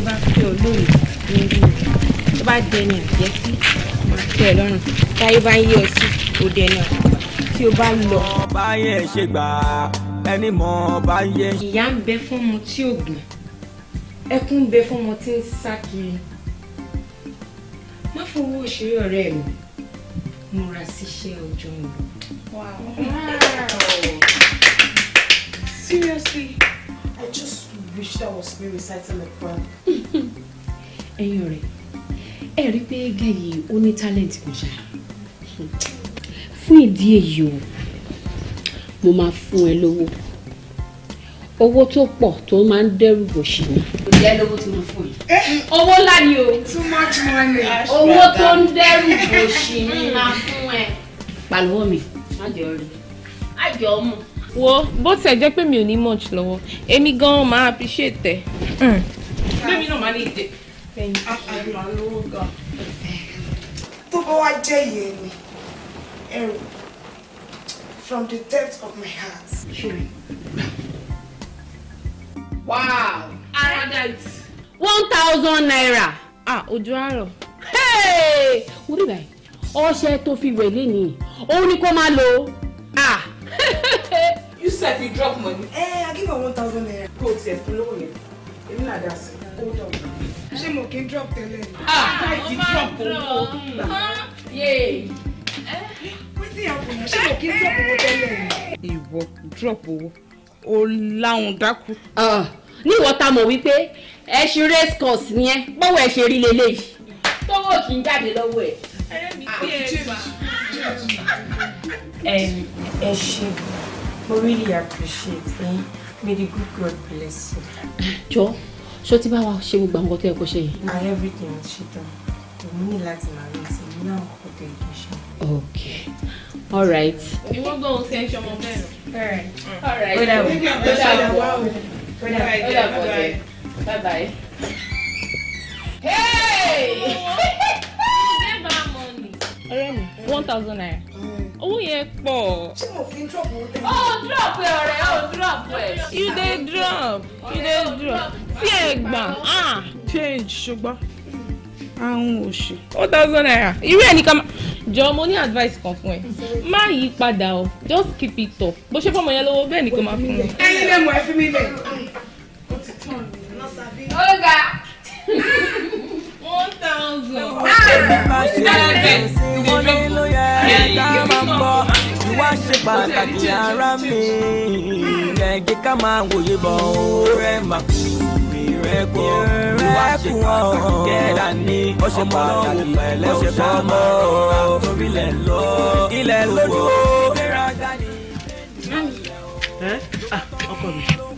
ọkùnrin bá fẹ́ olóyè ní ibi rẹ̀ tó bá dẹni àjẹsí máa tẹ́ ẹ lọ́rùn táyé bá ń yí ọ sí òde náà tí o bá lọ. ọba yẹn ṣe gbà ẹni mọ ọba yẹn. ìyà ń bẹ fún ọmọ tí ò gbọ́n ẹkún ń bẹ fún ọmọ tí ń sá kiri má fowó òṣèré ọ̀rẹ́ mi múra síṣẹ́ ọjọ́ ń Wow. Seriously, I just rubbish that was being recited in front. ẹ̀yin ọ̀rẹ́ ẹ rí pé gẹ̀yì ó ní talent kò ṣá fún ìdí èyí o mo máa fún ẹ lówó owó tó pọ̀ tó máa ń dẹ́rù bòṣì ni. ìyá lówó tí mo fún yìí. owó ńlá ni o. too much money. owó tó ń dẹ́rù bòṣì ni máa fún ẹ. pàlọ́wọ́ mi má jẹ́ ọ rí má jẹ́ ọ mọ̀ wo bó tẹ̀ jẹ́ pé mi ò ní much lọ́wọ́ èmi gan-an máa appreciate ẹ̀. bẹ́ẹ̀ni mm. náà máa ní ìdè tó bá wá jẹ́ ìyẹn ni ẹrù from the depth of my heart. wow paradise one thousand naira ah ojú àárọ̀ wúrí báyìí ọṣẹ tó fi wẹ̀ lé nìyí òun ni kó máa lò ah. You said you drop money. Eh, I give her one thousand naira. Go to follow me. Èmi náà dá sí. Hold on. Ṣé mo kì í drop tẹ́lẹ̀? Ah, I did drop owó. Yay. Wetin happen na? Ṣé mo kì í drop owó tẹ́lẹ̀? Ìwọ drop owó. O láhùn dákú. Ah, ní ìwọ ta mọ̀ wípé ẹ ṣe race course ni ẹ, báwo ẹ ṣe rí leléyìí? Tọ́wọ́ kì í jáde lọ́wọ́ ẹ̀. Ẹ eh, ah, ẹ ṣe mo really appreciate yín may the good God bless you. jọ ṣó ti bá wa ṣe gbogbo àwọn nǹkan tó yẹ kó ṣe yìí. everything she done. òun need láti máa lọ sí now náà kò tó yẹ all right. ìwọ gbọ́ ohun tí ẹ ṣe ọmọ bẹ́ẹ̀ lọ. all right ó Bye ó dàbọ̀ ó dàbọ̀ dẹ̀ bye bye. hey! Never money one thousand naira mm. owó yẹn pọ̀. ṣé mo fi drop o tẹ́lẹ̀. ó oh, drop ẹ ọ̀rẹ́ ó oh, drop ẹ. you dey drop you dey drop tí ẹ ah change ṣùgbọ́n àwọn òṣì one thousand naira irú ẹ̀ nìkan jọ mo ní advice kan fún ẹ má yí padà o just keep it up bó ṣe fọmọ yẹn lọ́wọ́ bẹ́ẹ̀ ni kò máa fún mi. ẹyin lè mọ ẹ fún mi bẹ́ẹ̀. ó ga one thousand. tèmi máa ṣe é ìwọ ni ló yẹ ká máa bọ̀ ìwà ṣe pàtàkì ara mi ẹ̀jẹ̀ ká máa wòye bọ̀ ọ̀rẹ́ máa kú rẹ̀ kọ́ ìwà ṣe pàtàkì kẹ́ra ní ọmọ lọ́wọ́ pẹ̀lẹ́ ṣe fọ́mọ́ torí ilẹ̀ lọ ilẹ̀ lójú ọkọ mi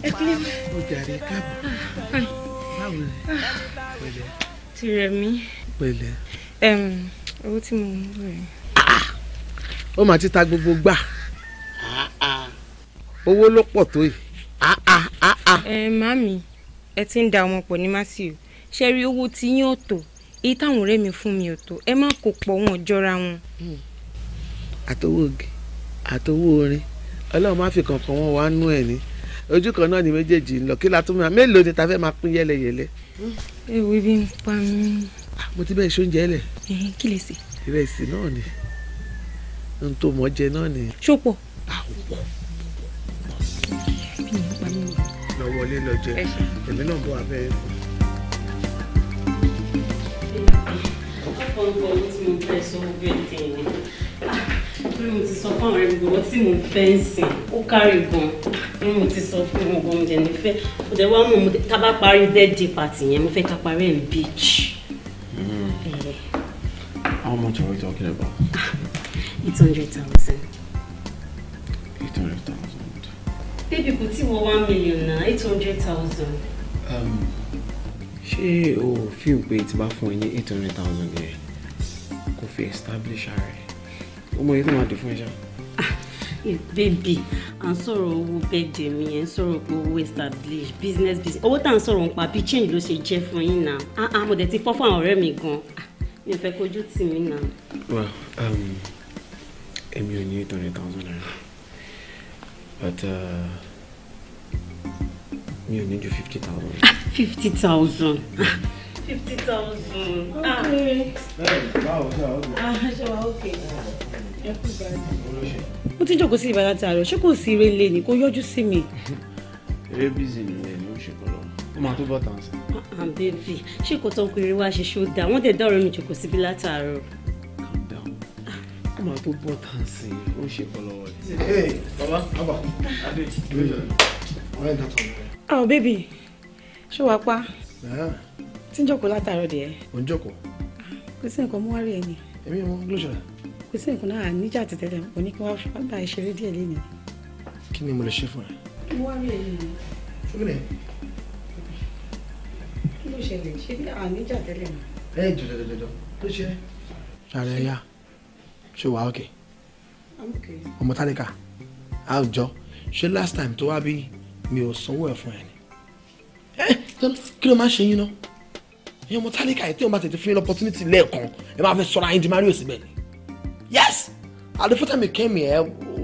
ẹ kílẹ̀ mọ́. ó jàre káàbọ̀ báwo ni ti rẹ̀ mí. pẹ̀lẹ́. owó tí mo ń lò rẹ̀. ó máa ti ta gbogbo gbà ah, ah. owó ló pọ̀ tó yìí. Ah, ẹ màmí ẹ ti ń da ọmọ pọ̀ ní másìó ṣe rí owó tí yín ò tó èyí táwọn ọ̀rẹ́ mi fún mi ò tó ẹ má kó pọ̀ wọn jọra wọn. àtọwọ́ ògì àtọwọ́ orin ọlọ́run má fi kankan wọn wá nú ẹ̀ ní ojú kan náà ni méjèèjì ń lọ kí la tún máa mélòó ni ta fẹ́ máa pín yẹ́lẹyẹ̀lẹ. Hmm ewu ibi ń pa mí. Ah, mo ti bẹ́ẹ̀ ṣe oúnjẹ lẹ̀. kí lè sè. ìrẹsì náà ni ohun tó mọ̀ jẹ náà ni. ṣó pọ̀. Ah, lọ wọlé lọ jẹ èmi náà bọ́ abẹ́ ẹ̀kọ́. ọ̀pọ̀lọpọ̀ owó tí mo bẹ̀rẹ̀ sọ́wọ́ bẹ́ẹ̀ tẹ̀ ẹ́ pé mo ti sọ fún àwọn ẹbí wọn tí mo fẹ́ ń sìn ó kárí gan pé mo ti sọ fún wọn gan jẹ nífẹ̀ kò dẹ̀ wá mọ̀ mo tá bá parí birthday party yẹn mo fẹ́ ká parí ẹ̀ ní mm-hmm. eh. How much are we talking about? Ah, eight hundred thousand. Eight hundred thousand. Baby kò tí wọ one million náà eight hundred thousand. Um, ṣé o fi pé tí bá fún ẹ ní eight hundred thousand yẹn kò fi establish ara ẹ? ọmọ yìí tó máa dì fún ẹ ṣá. Ah, bébì à ń sọ̀rọ̀ owó bẹ́ẹ̀dẹ̀ mi ẹ̀ ń sọ̀rọ̀ pé owó establish business business owó tá à ń sọ̀rọ̀ nípa bí change ló ṣe jẹ́ fún yín náà àmọ̀ ah, ah, dẹ̀ ti fọ́ fún àwọn ọ̀rẹ́ mi gan mi ò fẹ́ kojú tì mí náà. wà um, èmi ò ní twenty thousand naira but uh, mi ò ní ju fifty thousand. fifty thousand fifty thousand. Ah. Ah, mo ti jókòó sí ìbára tí a rọ ṣé kò sí eré ilé ni kò yọjú sí mi. eré bízì nìyẹn ni ó ṣe kọ lọ ó máa tó bọ̀ tàn sí. bèbí ṣé kò tó ń kiri wá ṣe ṣó dáa wọ́n dẹ̀ dọ́rọ̀ mi jókòó síbi látàárọ̀. calm down ó máa tó bọ̀ tàn sí ó ṣe kọ lọ́wọ́ rẹ̀. baba baba adé ìgbésẹ̀ ọ̀rẹ́ ìdàtọ̀ rẹ̀. àwọn bèbí ṣé wàá pa. Eh? tí ń jókòó látàárọ̀ dẹ̀. ò ń jókòó. kò sí nǹkan mú wá rí ẹni. èmi ò mọ ló ṣe. kò sí nǹkan náà níjà ti tẹ́lẹ̀ mo ní kí wọ́n fún bàbá ìṣeré díẹ̀ lé mi. kí ni mo lè ṣe fún ẹ. mo wá rí ẹni. ṣókè kí ló ṣẹlẹ̀ ṣé bí àwọn níjà mi. ẹ jọjọjọjọ tó ṣe. ṣàrẹ ya ṣé wàá òkè. àwùjọ ṣé last time tó wá bí mi ò sanwó ẹ̀ fún ẹ ni. ẹ kí ló máa ṣe yín náà ẹ̀yin ọmọ tálíkà yìí tí wọ́n bá tètè fún yín opportunity lẹ́ẹ̀kan ẹ máa fẹ́ sọ̀rọ̀ ayé di mario síbẹ̀ ni yes at the first time you came here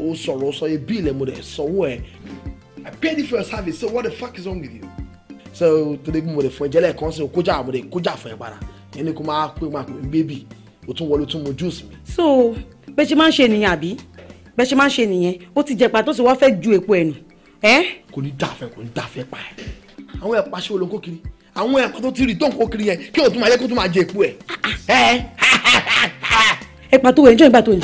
o sọ̀rọ̀ o sọ yẹ bill ẹ̀ mo dẹ̀ sanwó I paid you for your service so what the fuck is wrong with you so torí mo dẹ̀ fún ẹ jẹ́lẹ̀ kan sí o kójà mo dẹ̀ kójà fún ẹ padà ẹni kó máa pé máa pè mí bébì o tún wọlé o tún mu juice mi. so bẹ́ẹ̀ ṣe máa ń ṣe nìyẹn àbí bẹ́ẹ̀ ṣe máa ń ṣe nìyẹn ó ti jẹ tó sì wá fẹ́ ju èpo ẹ̀ nù. kò ní dáfẹ́ kò ní dáfẹ́ pa ẹ̀ àwọn ẹ̀ pàṣẹ olóńkó kiri àwọn ẹ̀kọ́ tó ti rí tó kó kiri yẹn kí o tún máa yẹ kó tún máa jẹ èpo ẹ̀. ẹ̀pà tó wẹ̀ ń ìgbà tó ń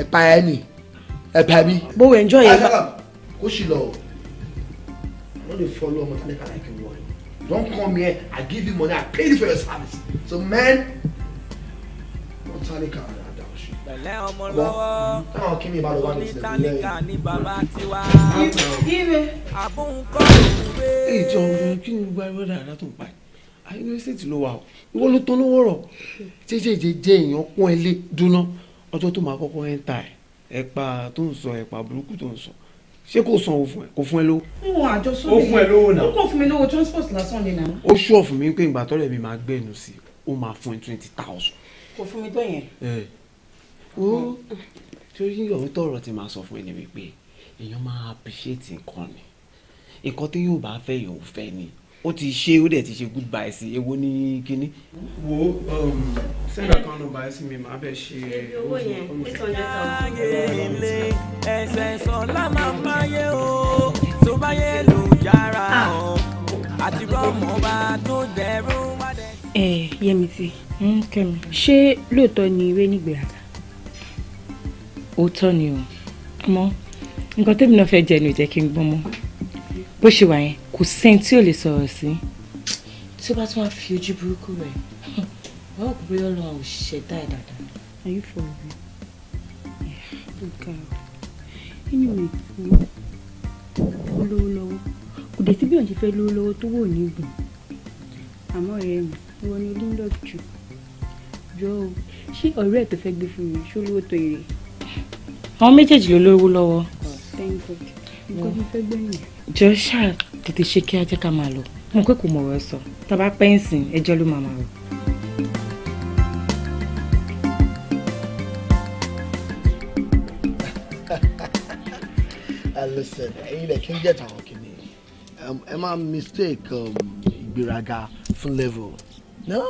ẹ̀pà ẹ̀ nì ẹ̀pà mi. bó wẹ̀ ń yẹn. kó sì lọ o no dey follow ọmọ tí mẹ́ka like you don come here i give you money i pay you for your service so men don tally calm pẹ̀lẹ́ ọmọ lọ́wọ́ onítàníkà ní bàbá tiwa. ire abóhunkọ́ ìwé. ìjọ ọ̀rọ̀ kí ni gbogbo ẹgbẹ́ dáadáa tó ń pa yunifásitì ló wà o ìwọ ló tán lówó rọ jẹjẹjẹ jẹ èèyàn kún ẹ lé dúná ọjọ́ tó máa kọ́kọ́ ẹ ń ta ẹ ẹ̀pà tó ń sọ ẹ̀pà burúkú tó ń sọ ṣé kò san owó fún ẹ kò fún ẹ lówó. wọn àjọsọ mi ó fún ẹ lówó náà ó kò fún mi lówó transport lásán ni náà. ó ṣọ́ fún mi pé ìgbà tọ́lẹ̀ mi máa gbẹ̀nu sí i ó máa fún ẹ twenty thousand. kò fún mi tó yẹn wo torí òótọ́ ọ̀rọ̀ tí màá sọ fún ẹ ni wípé èèyàn máa appreciate nǹkan ni nǹkan tí yóò bá fẹ́ yóò fẹ́ ni ó ti ṣe ó dẹ̀ ti ṣe goodbye sí ewo ní kínní. wo sẹ́ńdà kan ló bá ẹ sí mi màá fẹ́ ṣe owó yẹn eight hundred thousand. ẹsẹ̀ sọlá máa bá yé o tó bá yé lò yára ah. o àti rọ́ọ̀mù bá tó dẹrù wá dẹ. ẹ eh, Yẹmisí Kẹ́mi ṣé lóòótọ́ ni ìwé nígbèrè òótọ́ ni o àmọ́ nǹkan tẹ́mi náà fẹ́ jẹ ẹnu ìjẹ́ kí n gbọ́n mọ́ bó ṣe wà yẹn kò sẹ́ni tí ò lè sọ̀rọ̀ sí. tí ó bá tún wá fi ojú burúkú rẹ̀ wọ́n ò gbé ọlọ́run ò ṣẹ̀dá ẹ̀ dáadáa. ayé fọwọ́ mi ó ga ọ inú mi kú ó lówó lọ́wọ́ kò dé sí bí òun ṣe fẹ́ lówó lọ́wọ́ tó wò ní ìgbìn àmọ́ ẹ̀ mi wọ́n ní olúńdọ̀jù jọ ṣé ọ̀rẹ́ ẹ̀ tó fẹ́ gbé fún mi ṣó lówó tó ire àwọn méjèèjì ló lówó lọ́wọ́. jọ ṣáà tètè ṣe kí ajẹ́ ká máa lọ mo pé kò mọ̀rọ̀ sọ tá a bá pẹ́ ń sìn ẹjọ́ ló máa máa rọ̀. Ah, listen ẹ̀yin lẹ kí n jẹ tàwọn kìíní um, ẹ máa mistake um, ìgbéraga um, fún level no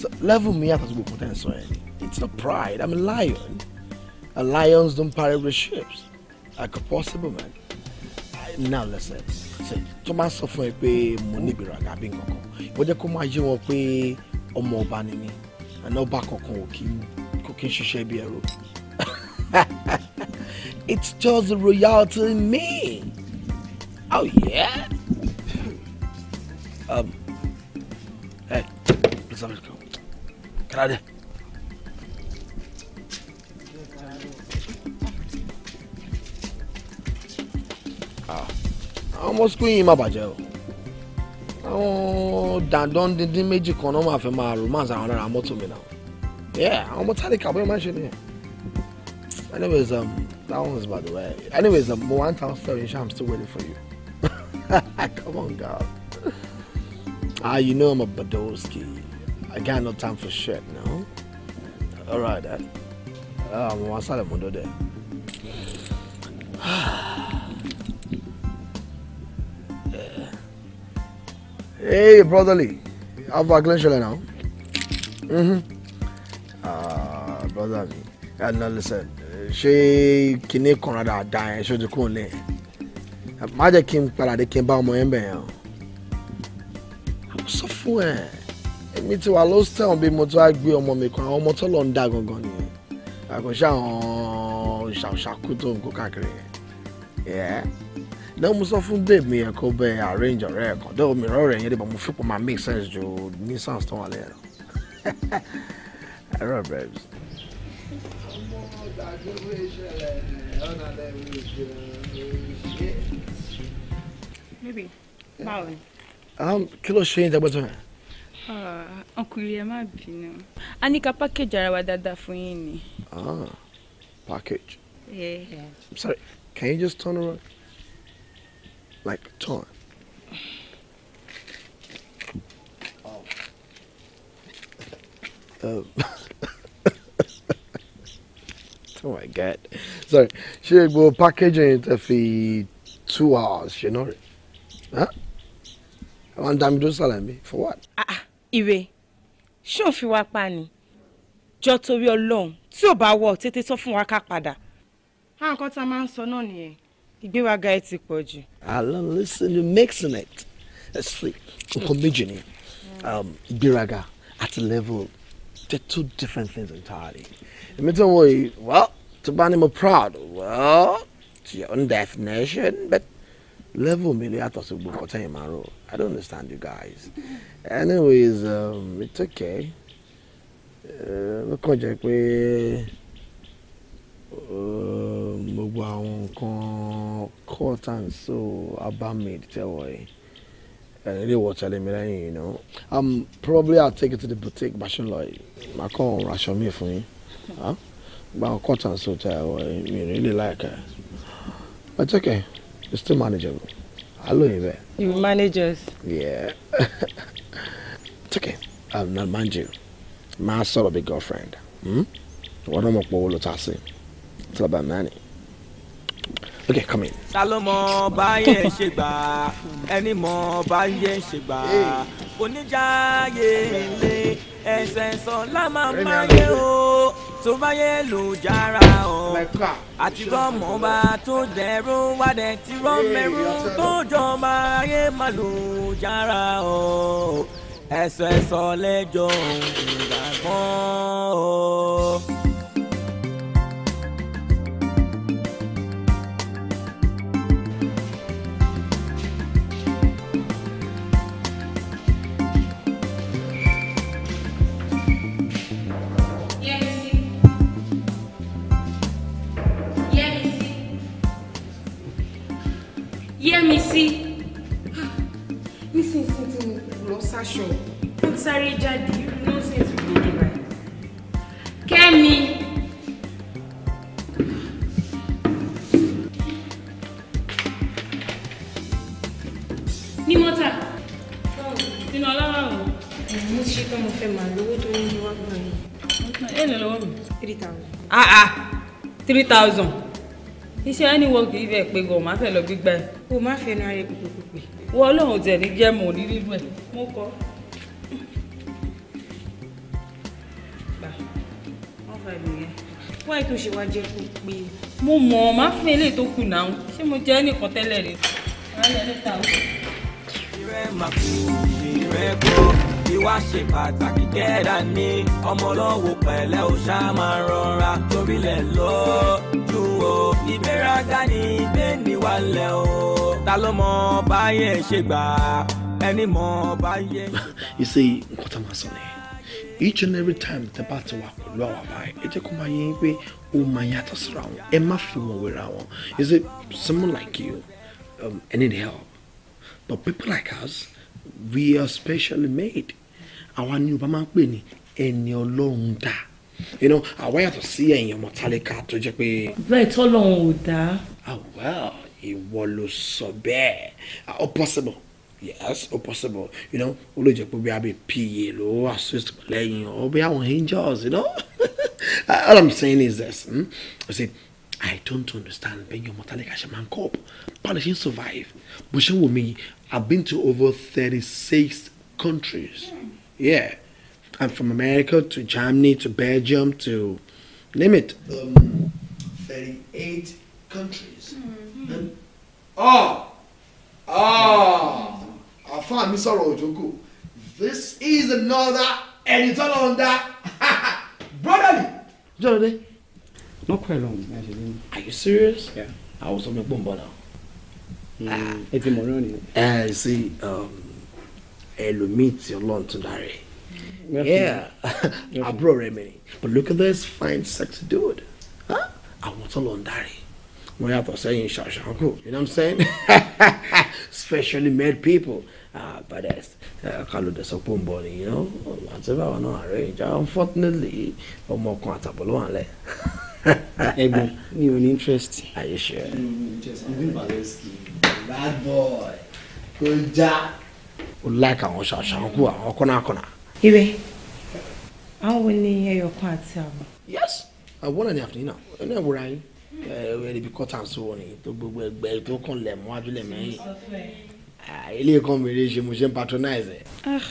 so level me yàtọ̀ sí gbogbo potential. it's not pride i'm a lion. And lions don't parade with ships, Like a possible man. Now listen. say Thomas máa sọ money ẹ pé mo níbi ràgà bí nǹkan kan. Ìwọ jẹ́ kó máa yé wọn pé ọmọ ọba ni mí. Àná ọba kankan ò kí kò kí n ṣiṣẹ́ bí It's just the royalty in me. Oh yeah. um, hey, let's have a go. Get out of here. Ah, àwọn ọmọ sukùl yìí má bàjẹ́ o àwọn dandan díndín méjì kan náà máa fẹ́ máa romance àwọn lára mọ́tò mi náà yeah àwọn ọmọ tálíkà bóyá máa ń ṣe nìyẹn anyways um, that one's by the way anyways um, mo wá story ṣe i'm still waiting for you come on girl ah you know i'm a Badowski i got no time for shit no all right. Eh? Ah, mo máa sálẹ̀ mọ́ dọ́dẹ̀. Hey, brotherly, how far clean ṣẹlẹ̀ now? Mm-hmm. Ah, brother mi, I ah, no listen. Ṣé kinní kan rárá da ẹ̀ ṣó ti kún un lẹ̀? Má jẹ́ kí n padà dé kí n bá ọmọ yẹn bẹ̀ yẹn o. Àwọn sọ fún ẹ̀, mo tún á gbé mi kan, àwọn ọmọ tó lọ dá gangan nìyẹn àkànṣe àwọn ṣàṣàkú tó ń kó káàkiri yẹn náà mo sọ fún babe mi yẹn kó bẹ arrange ọ̀rẹ́ ẹ̀ kan dẹ́ omi ìrọ̀ rẹ̀ yẹn dé bọ̀ mo fipò máa make sense ju nuisance tó wà lẹ́yìn lọ ẹ̀rọ bẹ̀rẹ̀ bí. ọmọ ìdájọ́ wíṣẹ́ rẹ̀ lọ́nà lẹ́yìn ìṣẹ́. bíbí ọkùnrin ah, ẹ má bínú a ní ká package ara wa dáadáa fún yín ni. ah package. Yeah. I'm sorry can you just turn around like turn. Oh. oh my god sorry ṣé gbogbo package yẹn tẹ fi two hours ṣe náà rẹ. Huh? I want them to do salami for what? Ah. Uh -uh ire ṣé òun fi wá pa ni jọ torí ọlọ́run tí ò bá wọ̀ tètè sọ fún wa ká padà. á nǹkan tá a máa ń sọ náà nìyẹn ìgbéraga ẹ ti pọ̀ jù. alan listen you mixing it ẹsẹ nǹkan méjì ni um, ìgbéraga àti level they're two different things entirely. èmi tí wọ́n wọ̀ yìí well tó bá ní mo proud well to your own definition but level mi ló yàtọ̀ sí gbogbo nǹkan tẹ̀yìn máa ń rò i don't understand you guys anyways um, it's okay uh, ó kàn jẹ́ pé uh, gbogbo àwọn nǹkan court and so abamid tẹ́wọ̀ yìí ilé ìwọ̀ tẹ̀lé mi lẹ́yìn yìí náà um probably i'll take it to the boutique bachelor yìí màá kọ́ ọ̀run aṣọ mi fún yín gba cut and sew tẹ́wọ̀ yìí mi ò ní lè láìka ẹ̀ it's okay. You're still manageable. Hello, Ibe. You manage us. Yeah. it's okay. I'll not mind you. My sort of a girlfriend. Hmm? What am I going to It's about money. Okay, come in. ta ló mọ ṣe gbà ẹni mọ báyẹn ṣe gbà oníjàyè lé ẹsẹ̀ sọ lámàmáyé o tó bá yẹ lò jára o oh àti bọ́mọ̀ bá tó dẹ̀rù wádẹ̀ tí rọ́mẹ̀rù tó jọba ayé má lò jára o ẹ̀sọ̀ ẹ̀sọ̀ lẹ́jọ́ ìgbà kan o. yẹ́ mi sí nísinsìnyí tí mo lọ sáṣọ ó ti sáré jáde irú nọ́ọ̀sìn ti gbòde báyìí kẹ́mi. ní mọ́tà nínú ọlọ́wà o mo ti ṣetán mo fẹ́ màá lówó tó ní wá gbà ẹ lè lọ́wọ́ mi. three thousand. ah ah three thousand iṣẹ́ ẹni wọ kì í fẹ́ pé gan máa fẹ́ lọ gbígbà ẹ̀. o má fẹnu ara ẹ pèpèpèpè. wọ ọlọ́run tẹ̀ ní jẹ́ ní lílù ẹ̀. mo kọ́. gbà wọ́n fà mí yẹn. wọ́n ètò ṣe jẹ́ kó pé. mo mọ̀ ọ́ má fún eléyìí tó kù náà ṣé mo jẹ́ ẹnìkan tẹ́lẹ̀ rẹ̀. ìrẹ́ màkú ìrẹ́ kọ́ ti wá ṣe pàtàkì kẹ́ẹ̀dá ní ọmọ pẹ̀lẹ́ ò ṣá máa rọra torílẹ̀ lójú o ìgbéraga ní ìgbé níwálẹ̀ o ta ló mọ báyẹ̀ ṣe gbà ẹni mọ báyẹ̀. you see nǹkan tá a máa sọ ni each and every time tẹ bá ti wà pẹ̀lú àwọn àbá ẹ̀ ẹ jẹ́ kó máa yẹn pé ó máa yàtọ̀ síra wọn ẹ má fi wọn wéra wọn you see someone like you um, I need help but people like us we are specially made àwọn ni Yorùbá máa ń pè ní ẹni Ọlọ́run dá you know àwa yàtọ̀ sí ẹ̀yìn ọmọ tálákà tó jẹ́ pé. bẹ́ẹ̀ tọ́lọ́run ò dá. ah well ìwọ ló sọ bẹ́ẹ̀ all ah, possible yes all possible you know ó lè jẹ́ pé bí a bẹ pa ló assist lẹ́yìn ọ bí àwọn angels you know ah, all i'm saying is this hmm? i say i don't understand bẹ́ẹ̀ ọmọ tálákà ṣe máa ń cope báwo ṣe ń survive bó ṣe ń wò mí i been to over thirty six countries. Yeah. I'm from America to Germany to Belgium to name it. Um, 38 countries. Mm-hmm. And, oh! Oh! I found sọ̀rọ̀ òjòkó. This is another ẹni tọ́lọ̀ ń dá. Brotherly! Jọ́lọ́dé. Not quite long, actually. Are you serious? Yeah. I was on my bum now. Ẹ ti mọ̀ náà nìyẹn. Ẹ ṣe ẹlòmíì tí ọlọ́run tún dára ẹ̀ yeah àbúrò rẹ̀ mi ni but look at this fine sexy dude àwọn tó lọ ń dára ẹ̀ wọ́n yàtọ̀ sẹ́yìn ṣàṣàkó you know what I'm saying Especially male people ah but that's eh, kalu de sọ pé ń bọ̀ ni you know àti báwa náà ààrẹ ìjà unfortunately ọmọ ọkàn àtàbọ̀ ló wà lẹ̀. Ẹ̀gbọ́n mi ò ní interest. Are you sure? mi hmm, bad boy kò já o láìka àwọn ṣàṣàkú àwọn kọ́nàkọ́nà. ìwé àwọn wo ni ẹyọ kan àti àbọ̀. yes àwọn ẹni àfihàn náà ẹni ẹwúrọ ayé ẹni bí kọ́tà ń sọ̀rọ̀ ni tó gbogbo ẹgbẹ́ tó kàn lẹ̀ mọ́ ajúlẹ̀ mẹ́yìn ilé ah, kan mèrè ṣe mo ṣe ń patronize ẹ̀. Ah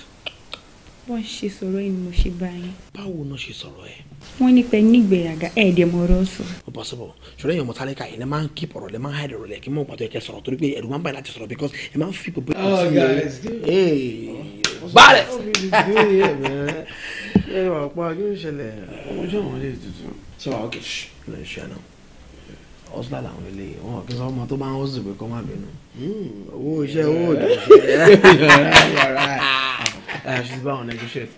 wọ́n ṣe sọ̀rọ̀ yìí ni mo ṣe bá yín. báwo náà ṣe sọ̀rọ̀ ẹ. wọ́n ní pẹ́ nígbèrágà ẹ̀ dẹ̀ mọ ọ̀rọ̀ sọ. ó bọ́ sọ́bọ̀ ṣọlá èèyàn mọ̀tálẹ́kà yìí ẹ máa ń kí ọ̀rọ̀ lẹ́ máa ń hàìdọ̀rọ̀ lẹ́ kí mọ̀ pàtó ẹ̀kẹ́ sọ̀rọ̀ torí pé ẹ̀rù máa ń báyìí láti sọ̀rọ̀ because ẹ máa ń fi gbogbo ẹ̀ sí i. Oh, oh, bálẹ̀. ẹ wà pa kí ló àwọn ilé tuntun. wọn kí ọmọ tó bá ń hó sùn pé kọ́ máa bínú. Hmm, owó iṣẹ́ owó òdò Uh, she's about on every shift.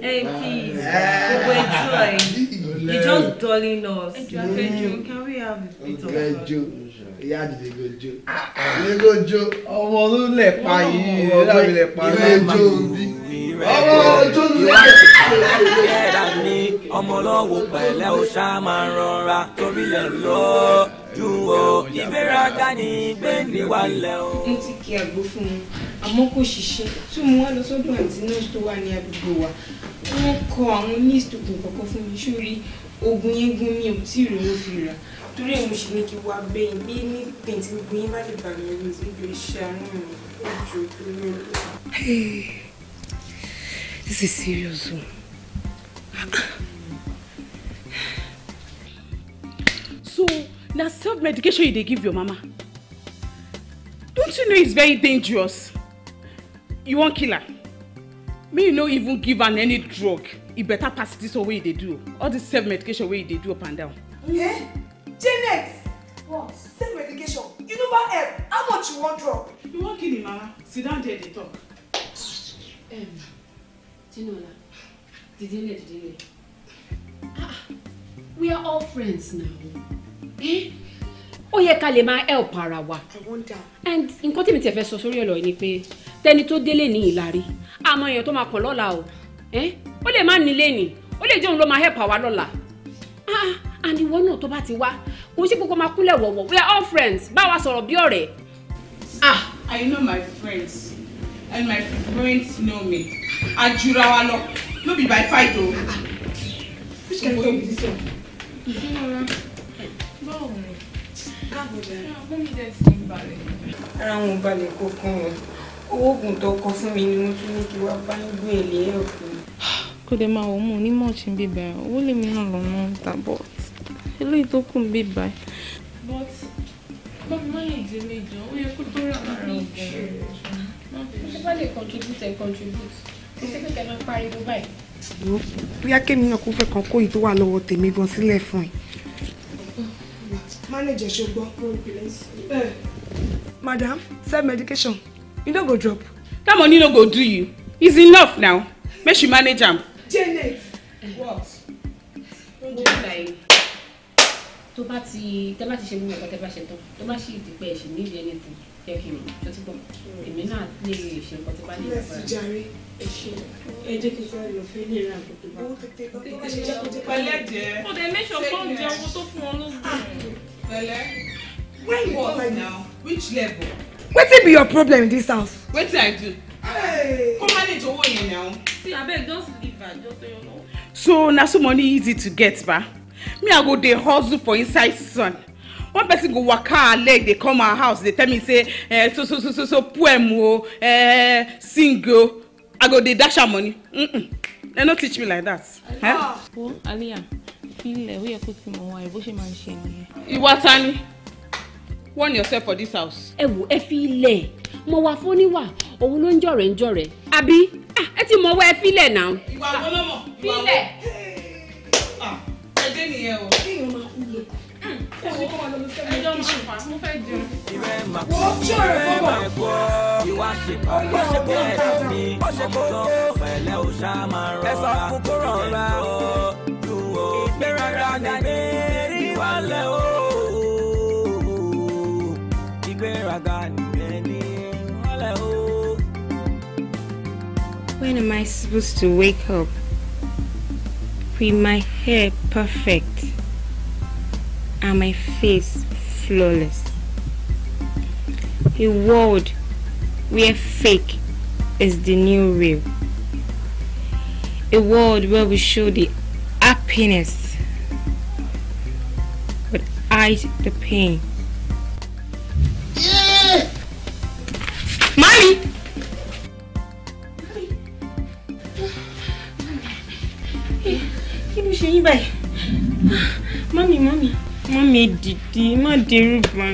Hey, please. Yeah. We're You're just dulling us. Mm. Can we have a bit of fun? ìyá àdìdì lójó lójó ọmọ ló lè pa yìí ìrẹ́lá mi lè pa yìí lójó bí ọmọ ojú ló lè. ọmọ lọ́wọ́ pẹ̀lẹ́ ó ṣá máa ń rọra torí lẹ̀ lọ́ọ́ jù o ìgbéraga ní gbẹ̀ndì wà lẹ̀ o. mo ti kí àgbo fún un àmọ́ kò ṣiṣẹ́ tí mo wá lọ sọ́dọ̀ àǹtí nọ́ọ̀sì tó wà ní àdúgbò wa wọ́n kọ àwọn list oògùn kọ̀ọ̀kan fún mi sórí oògùn yẹn gún mi ò tí ì rí mo fi rà torí ẹ̀ mo ní kí wá bẹ́yìn bí ní pèntì gbogbo yín bá lè bà mí lórí ìgbé iṣẹ́ àánú mi ojú torí olú. This is serious So na self-medication you dey give your mama don't you know it's very dangerous you wan kill her make you no even give am any drug e better pass this one wey you dey do all this self-medication wey you dey do up and down. Eh? Janet! What? Self-medication? You never help. How much you wan drop? You wan kill him, mama. Sit down there, dey talk. Um, Tinola, Didele, Didele. Ah, we are all friends now ó yẹ ká lè máa help ara wa and nǹkan tí mi tiẹ̀ fẹ́ sọ sórí ọ̀rọ̀ yìí ni pé tẹni tó délé ní ìlàrí àmọ́ èèyàn tó máa kàn lọ́la o ó lè má nílé ni ó lè jẹ́ òun ló máa help àwa lọ́la ah, and ìwọ náà tó bá ti wá kò sí kókó máa kúnlẹ̀ wọ̀wọ̀ we are all friends bá wa sọ̀rọ̀ bí ọ̀rẹ́. ah I know my friends and my friends know me ajura wa lọ no be by fight o. Ah, which kind of talk be this one báwo ni báwo ni ara wọn balẹ̀ kankan o owó oògùn tó kọ fún mi ni mo tún ní kí wàá bá gbé èlé ẹ̀ kú. kò dé máa wò mú ní mọ́ọ̀tì bíbá owó lèmi náà lọ́nà tàbọ̀ eléyìí tó kù ń bíbá. but báwo má lè jẹ méjọ ó yẹ kó tó rà lára ọgbà ṣé bá lè contribute ẹ contribute kí ṣe pé kẹ́ máa pariwo báyìí. bóyá kémi náà kó fẹ́ kan kó ìtò wà lọ́wọ́ tèmi gan sílẹ̀ fún ẹ manage ṣùgbọ́n. Eh, madam self medication you no go drop. that money no go do you it's enough now make she manage am. janet what. Eh? tó bá ti tẹ́ bá ti ṣe gbogbo ẹ̀kọ́ tẹ́ bá ṣe tán tó bá sì di pé ẹ̀ṣẹ̀ nídìí ẹni tó jẹ́ kí n mọ̀ tó ti pọ̀ èmi náà lè ṣe nǹkan tó bá ní ìgbà. ẹ jẹ́ kí n sáré lọ fún ilé ìrìn àkókò bá. ó tètè lọ tó bá ṣe jẹ́ kó jẹ́ pálí ẹ̀jẹ̀. ó dẹ̀ mẹ́sàn-án pọ́ǹdì owó tó fún ọ lóògùn. When what like now? Which level? Wetin be your problem in this house? What Wetin I do? Hey. Come manage owó here now. See abeg just leave her just so you know. So now so money easy to get ba. Me I go the hustle for inside sun. One person go walk her leg they come our house they tell me say eh, so so so so so poem o eh, single. I go the dash her money. Mm -mm. Dem no teach me like that. Huh? Oh, Aliyah fi ń lẹ̀ ó yẹ kó ti mọ̀ wọn àyè bó ṣe máa ń ṣe nìyẹn. ìwà ta ni warn yourself for this house. ẹ wò ẹ fi ilẹ̀ mo wà fún níwà òun ló ń jọ̀rẹ̀ ń jọ̀rẹ̀ àbí ẹ ti mọ̀ wá ẹ fi ilẹ̀ náà. ìwà wo ló mọ̀ ìwà wo ẹ dé nìyẹn o. kí ni màá kúlò ẹjọ́ máa fà mo fẹ́ When am I supposed to wake up with my hair perfect and my face flawless? A world where fake is the new real. A world where we show the happiness but hide the pain. Mommy, Mommy! Kí ló ṣe yín báyìí? Mọ́mí mọ́mí. Mọ́mí ẹ dìde, má dẹ́rù bà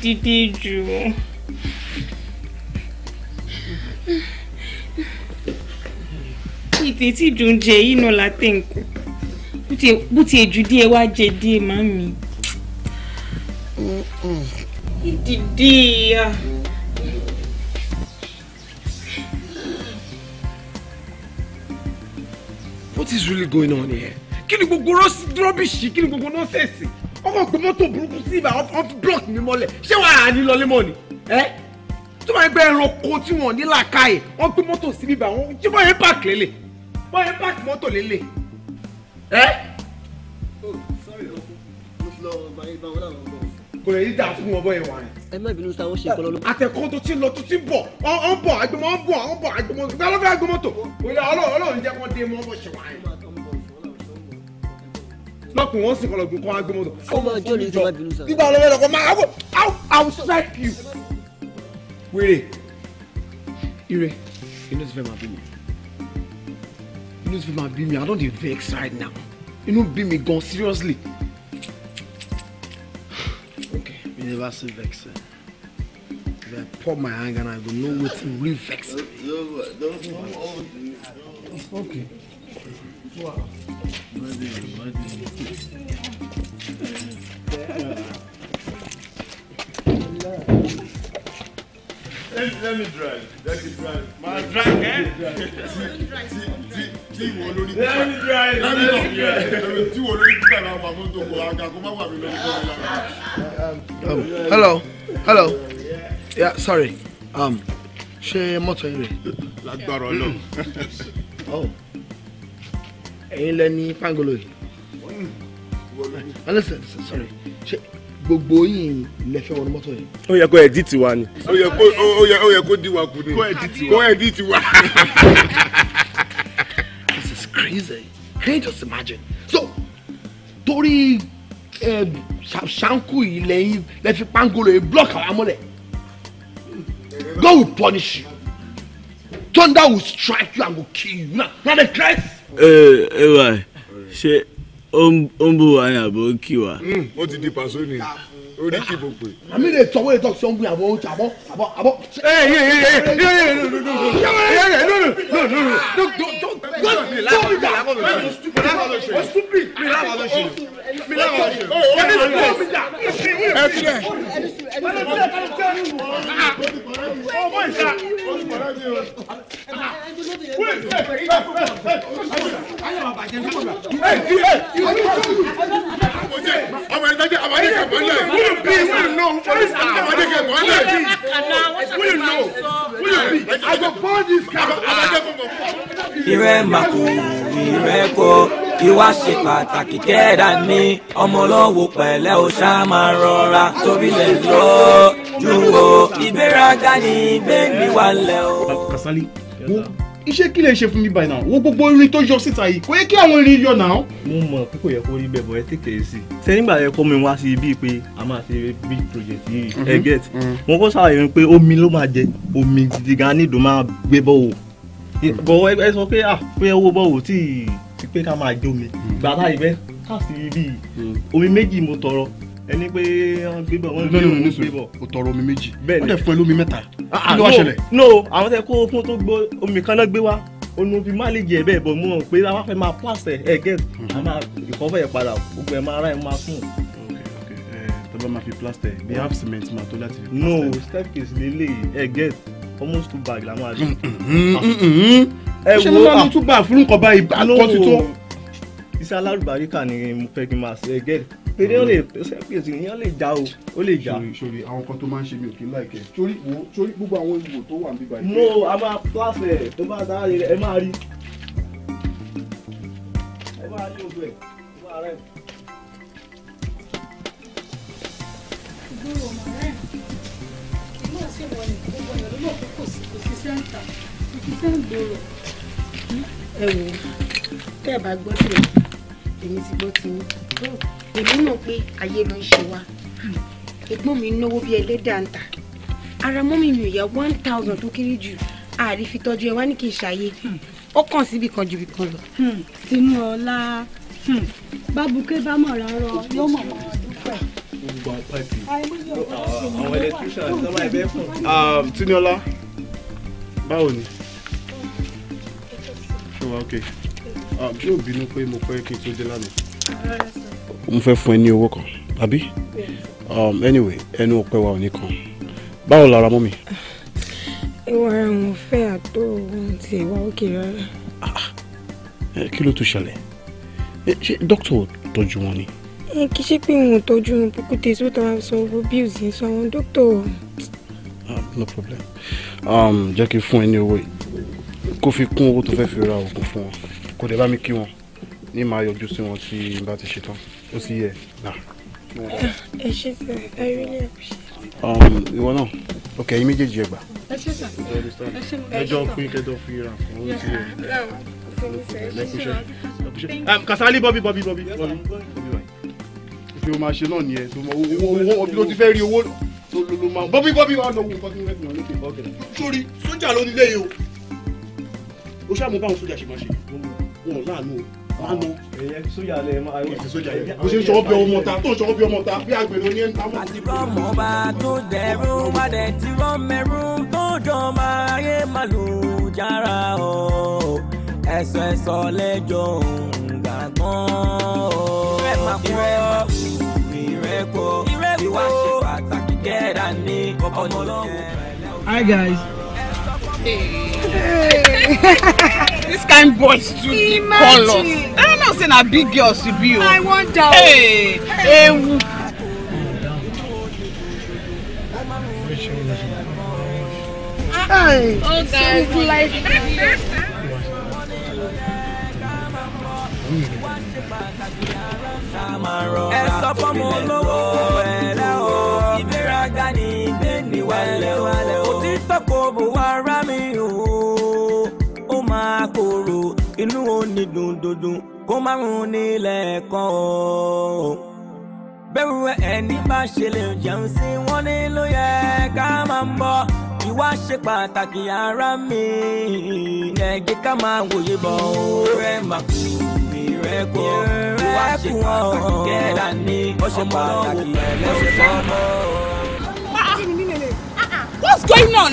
dìde, ẹ jù. ti ti dùn jẹ yìí náà látẹ̀ nǹkan bó ti èjù díẹ̀ wá jẹ díẹ̀ má mi. ìdìdí ìyá. What is really going on here? kí ni gbogbo rọ́bìṣì kí ni gbogbo nọ́ọ̀sẹ̀sì ọkọ̀ pé mọ́tò burúkú sí ibà ọ́n fi block mi mọ́lẹ̀ ṣé wàá ní lọ lémọ̀ ni tó máa ń gbẹ ẹranko tí wọ́n ní làákàyè wọ́n gbé mọ́tò sí ibà wọ́n ṣé yẹn pààkì lélẹ̀ bọ́ ẹ páàkì mọ́tò lélẹ̀. Oh, ẹ. kò lè yí dáa fún wọn bọ́ ẹ wà rẹ̀. ẹ má bínú sáwọn ṣe kọlọ́lọ́. àtẹ̀kọ́ tó ti lọ tó ti bọ̀ ọ̀ ń bọ̀ àgbẹ̀mọ̀ ń bọ̀ ọ̀ ń bọ̀ àgbẹ̀mọ̀ gbẹ́ lọ́fẹ́ àgbẹ̀mọ̀tò. ọlọ́run jẹ́ kó dé mọ́ bó ṣe wà rẹ̀ lọkùn wọn sì kọ lọgùn kan agbẹmọdọ. ọmọ ọjọ́ ni ìjọba bínú sọ. gbígbà ọlọ́wọ́ lọ́kọ́ máa wọ i will strike you. wèrè ire inú ti fẹ́ máa bí mi news fit ma be me i don dey vex right now You no beat me gan seriously okay you never see vex eh if i pour my anger now i go know wetin really vex me. okay. Wow. let, let me drive. Let me drive. My drive, eh? Tí ìwọ lórí pípa. Let me drive. Let me drive. Tí ìwọ lórí pípa náà wà fún tòkó àga kó má wà mí lórí kọ́ nílá. Um, hello, hello. Yeah, sorry. Um, ṣé mọ́tò yìí rè? Lágbára Ọlọ́run. Oh. Ẹ̀yin lẹ ní pangolo yìí. Listen, sorry. Ṣé gbogbo yìí lè fẹ́ wọnú yìí. ó yẹ kó ẹ̀díìtì wa ni. ó yẹ kó ó yẹ ó yẹ kó di wa kù ni. kó ẹ̀díìtì wa. kó ẹ̀díìtì wa. this is crazy can you just imagine so torí um, ṣàǹkù yìí lẹ́yìn lẹ́fi pangolo yìí block àwọn amúlẹ̀ God will punish you thunder will strike you and go kill you na na the Christ. ẹ ẹ wa ṣe ó ń bù wá ní àbò kí wa. ó ti di pàṣẹ ni orí kì í bò pé. àmì lè tọwọ́ ètò ṣé ó ń bù àbọ̀ oúnjẹ àbọ̀ àbọ̀ àbọ̀. ẹ ẹ ẹ ẹ ẹ ẹ ẹ no no no no no no no Hey, hey, hey! ọmọ ẹgbẹ́ jẹ́ àwọn ẹgbẹ́ mọ́lẹ̀ wúlò bí wúlò nọ àwọn ẹgbẹ́ mọ́lẹ̀ wúlò nọ wúlò ìwà ṣe pàtàkì kẹ́ẹ̀dá ní ọmọ pẹ̀lẹ́ ó ṣá máa rọra torí lẹ̀ lọ́ọ́ ju o ìgbéraga ní bẹ́ẹ̀ wà lẹ́ o. Kasali, iṣẹ́ kí lè ṣe fún mi báyìí náà wo gbogbo irin tó yọ síta yìí kò yẹ kí àwọn irin yọ náà. mo mọ pé kò yẹ kó rí bẹ́ẹ̀ bọ̀ ẹ tètè ẹ sí. ṣé nígbà yẹn kọ́ mi wá sí ibi pé a máa ṣe big project yìí mhm, ẹ get wọn mhm. kọ́ sáà yẹn pé omi ló máa jẹ omi gidi gan nídùn máa gbé bọ́wọ́ mhm. bọ́wọ́ ẹ sọ pé ah pé owó bọ́wọ́ tí ì pé ká máa jómi gbàtà ìfẹ́ káàsì ibi omi méjì mo tọrọ ẹni pé wọ́n gbé bọ̀ wọ́n o tọrọ omi méjì wọ́n dẹ̀ fún ẹ lómi ah, kí ló ah, wá ṣẹlẹ̀. no àwọn tẹ kó fún tó gbó omi kan náà gbé wá onu fi má lè jẹ bẹ́ẹ̀ bọ̀ mọ́ pé a wá fẹ́ máa pàṣẹ ẹ gẹ́ mhm. a máa ìkọ́fẹ́ yẹn padà gbogbo ẹ̀ máa ara ẹ̀ máa sùn. tọ́ba máa fi plaster bí half cement máa tó láti fi plaster. no staircase lélẹ̀ ẹ gẹ́ almost two bag la máa ṣe. Mm, mm, mm, ẹ wo ṣé ló máa tún bá àfúrúkọ báyìí àkọ́tútù. iṣẹ́ alárùbáríkà ni mo fẹ́ kí n máa ṣe ẹ gẹ́ẹ̀ eré mm. ó lè tó sẹ́pì sí ìyẹn ó lè o ó lè já. sori sori àwọn kan tó máa ń ṣe mi ò kí ń láìkẹ́ sori wo sori gbogbo àwọn ìwò tó wà níbàyí. mo a máa pàṣẹ tó bá dáa ẹ máa rí ẹ máa rí gbogbo ẹ ẹ máa rẹ. ìgbọ́rọ̀ màá rẹ̀ ìgbọ́rọ̀ sí ìwọ ni gbogbo ẹ̀rọ ló mọ̀ pé kò sí sẹ́ńtà kò sí sẹ́ńgbòrò ẹ wò ó tẹ́ ẹ bá gbọ́ sí èmi ti gbọ́ ti ṣùgbọ́n èmi mọ̀ pé ayé ló ń ṣe wa ẹ̀gbọ́n mi náwó bíi ẹlẹ́dàá ń tà ara mọ́mì mi ò one thousand tó kéré jù àárí fi tọ́jú ẹ wá ní kì í ṣàyè ó kàn síbi kan ju ibi kan lọ. sínú ọlá bábùké bá mọ̀ rárọ yóò mọ̀ mọ́ dúpẹ́. Um, báwo ni ṣé wàá ok um, ṣé ò bínú pé mo pẹ́ kí n tó dé lánàá mo fẹ́ fún ẹ ní owó kan àbí um, anyway ẹnu ọpẹ wa ò ní kan báwo lára mọ́ mi. ìwà ẹ̀wọ̀n fẹ́ àtó ohun ti ìwà òkè rárá. Ah, kí ló tún ṣẹlẹ̀ ṣé dókítà ò tọ́jú wọn ni. kì í ṣe pé wọn ò tọ́jú wọn pípútẹ́ tó tàbí sọ owó bills ń sọ àwọn dókítà ò. Ah, no problem um, jẹ́ kí n fún ẹ ní owó yìí kó fi kún owó tó fẹ́ fi ra oògùn fún wọn kó dẹ̀ bá mi kí wọn ní màá yọjú sí wọn tí n bá ti ṣetán ó sì yẹ là. ẹ ṣe sọ ẹ rí ilé ẹ̀kọ́. ìwọ náà ok ẹyin méjèèjì ẹ gbà. ẹ ṣe sọ ẹ ṣe mọ. ẹjọ fún yín kẹjọ fún yín rà fún owó sí ẹ lẹkùṣẹ. Um, Kasali bọbi bọbi bọbi bọbi òfin o máa ṣe náà nìyẹn tó owó owó ọbí ló ti fẹ́ rí owó tó ló ló máa bọ́bí bọ́bí wà lọ́wọ́ nǹkan tó ń rẹ́pìn lókè bọ́ọ̀kẹ́. sórí sójà ló nílé yìí o ó ṣàmúbáwọn sójà ṣe máa ṣe wọn láàánú o àná. bó ṣe ń ṣọwọ́ bí ọmọ ta tó ń ṣọwọ́ bí ọmọ ta bí àgbèrè ní ẹ̀ńtà mọ́. àti rọmọ bá tó dẹrù má dẹ ti rọmẹrù tó jọ máa yé màlúù jára o ẹ̀sọ̀ ẹ̀sọ̀ lẹ́jọ́ òǹgbà gan-an. Hi guys this kind boys too dey call us i don't know say na big girl should be o. i want down. Hey, ewu. Hey, oh, guys. So inú òní dùndùndùn kó márùn nílẹ̀ kan o. bẹ́rù ẹni bá ṣe lè jẹun sí wọ́n ní ló yẹ ká máa ń bọ̀ ìwà ṣe pàtàkì ara mi ẹ̀jẹ̀ ká máa wòye bọ̀ òórẹ́ màkú rẹ kọ ìwà ṣe pàtàkì kẹ́ẹ̀dá ní ọmọ pẹ̀lẹ́ òṣèlú. Ah, ah. What's going on?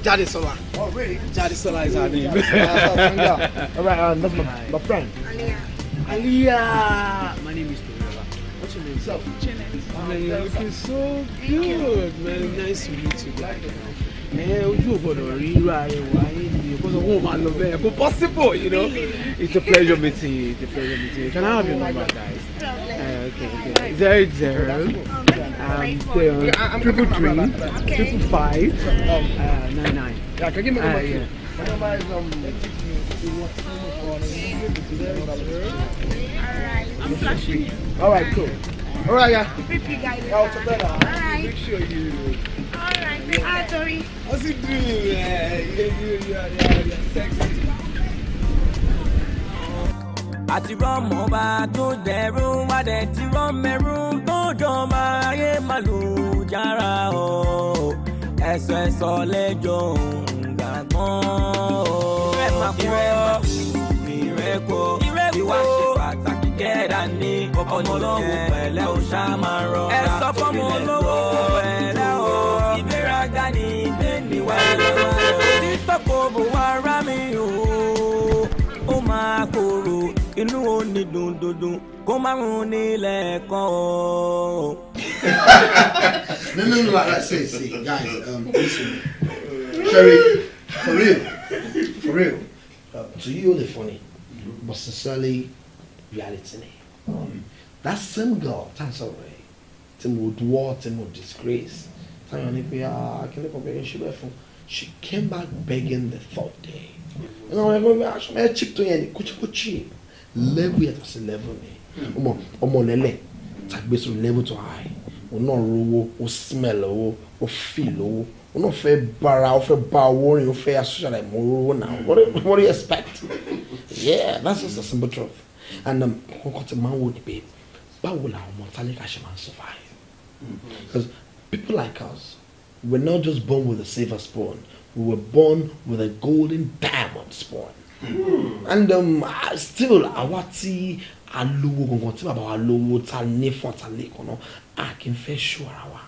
Jadisola. Oh, really? Jadisola is her name. All right, uh, that's my, my friend. Aliyah. Aliyah! My name is Toriola. What's your name? So, Janet. Man, you're looking so good, man. Nice to meet you. Eh, ojú ò gbọdọ̀ rí irú ayẹwo ayé ni. because of home and love there. But possible, you know. It's a pleasure meeting you. It's a pleasure meeting you. Can I have your number, guys? Uh, okay, okay. Zero zero. Oh, um, zero triple three, triple five, um, uh, nine nine. Yeah, can give me number? Uh, yeah. Alright, I'm flashing you. Alright, cool. Alright, yeah. Alright. Make sure you. Ah, sorry. What's are sexy. àti rọ́mọ bá tó dẹ̀rù wá dẹ̀ ti rọ́mẹ̀rù tó jọba ayé má lù jára o ẹ̀sọ̀ ẹ̀sọ̀ lẹ́jọ́ gbàgbọ́n o. ìrẹ́ má kú ìrẹ́ kó ìwà ṣe pàtàkì kẹ́ẹ̀dá ní ọmọlọ́wọ́ pẹ̀lẹ́ ó máa rọra ọmọ olówó ẹ̀lẹ́ o ìgbéraga ni ìgbé mi wá lọ́wọ́ bò wá rá mi o ó máa kóró inú òní dundundun kó márùn nílẹ̀ kan o. no no no like say say guys um, listen Sherry for real for real uh, to you the funny but sincerely reality ni that same girl that's all right tí mo duwọ́ tí mo disgrace táwọn ní pé akíní ah, kan bẹ́ẹ̀ ṣe bẹ́ẹ̀ fún she came back begging the third day ẹnna wọn ẹgbẹ́ mi aṣọ ẹ chip tó yẹn ni kúchíkúchí level yàtọ̀ sí level mi ọmọ ọmọ lẹ́lẹ̀ tàgbé sórí level tó high òun náà rówó ó smell owó ó feel owó òun náà fẹ́ bára ó fẹ́ bá owó rìn ó fẹ́ asociate mọ́ owó náà what do you what do you expect yeah that's just a simple truth and um, nǹkan tí máa ń wò ni pé báwo làwọn ọmọ tálíkà ṣe máa ń survive. Because people like us, we're not just born with a silver spoon, we were born with a golden diamond spoon. Mm. And um, still, àwa tí a lówó gangan tí bàbá ta ní fún ta lẹ́kọ̀ọ́ náà, a kì í fẹ́ ṣó ara wa.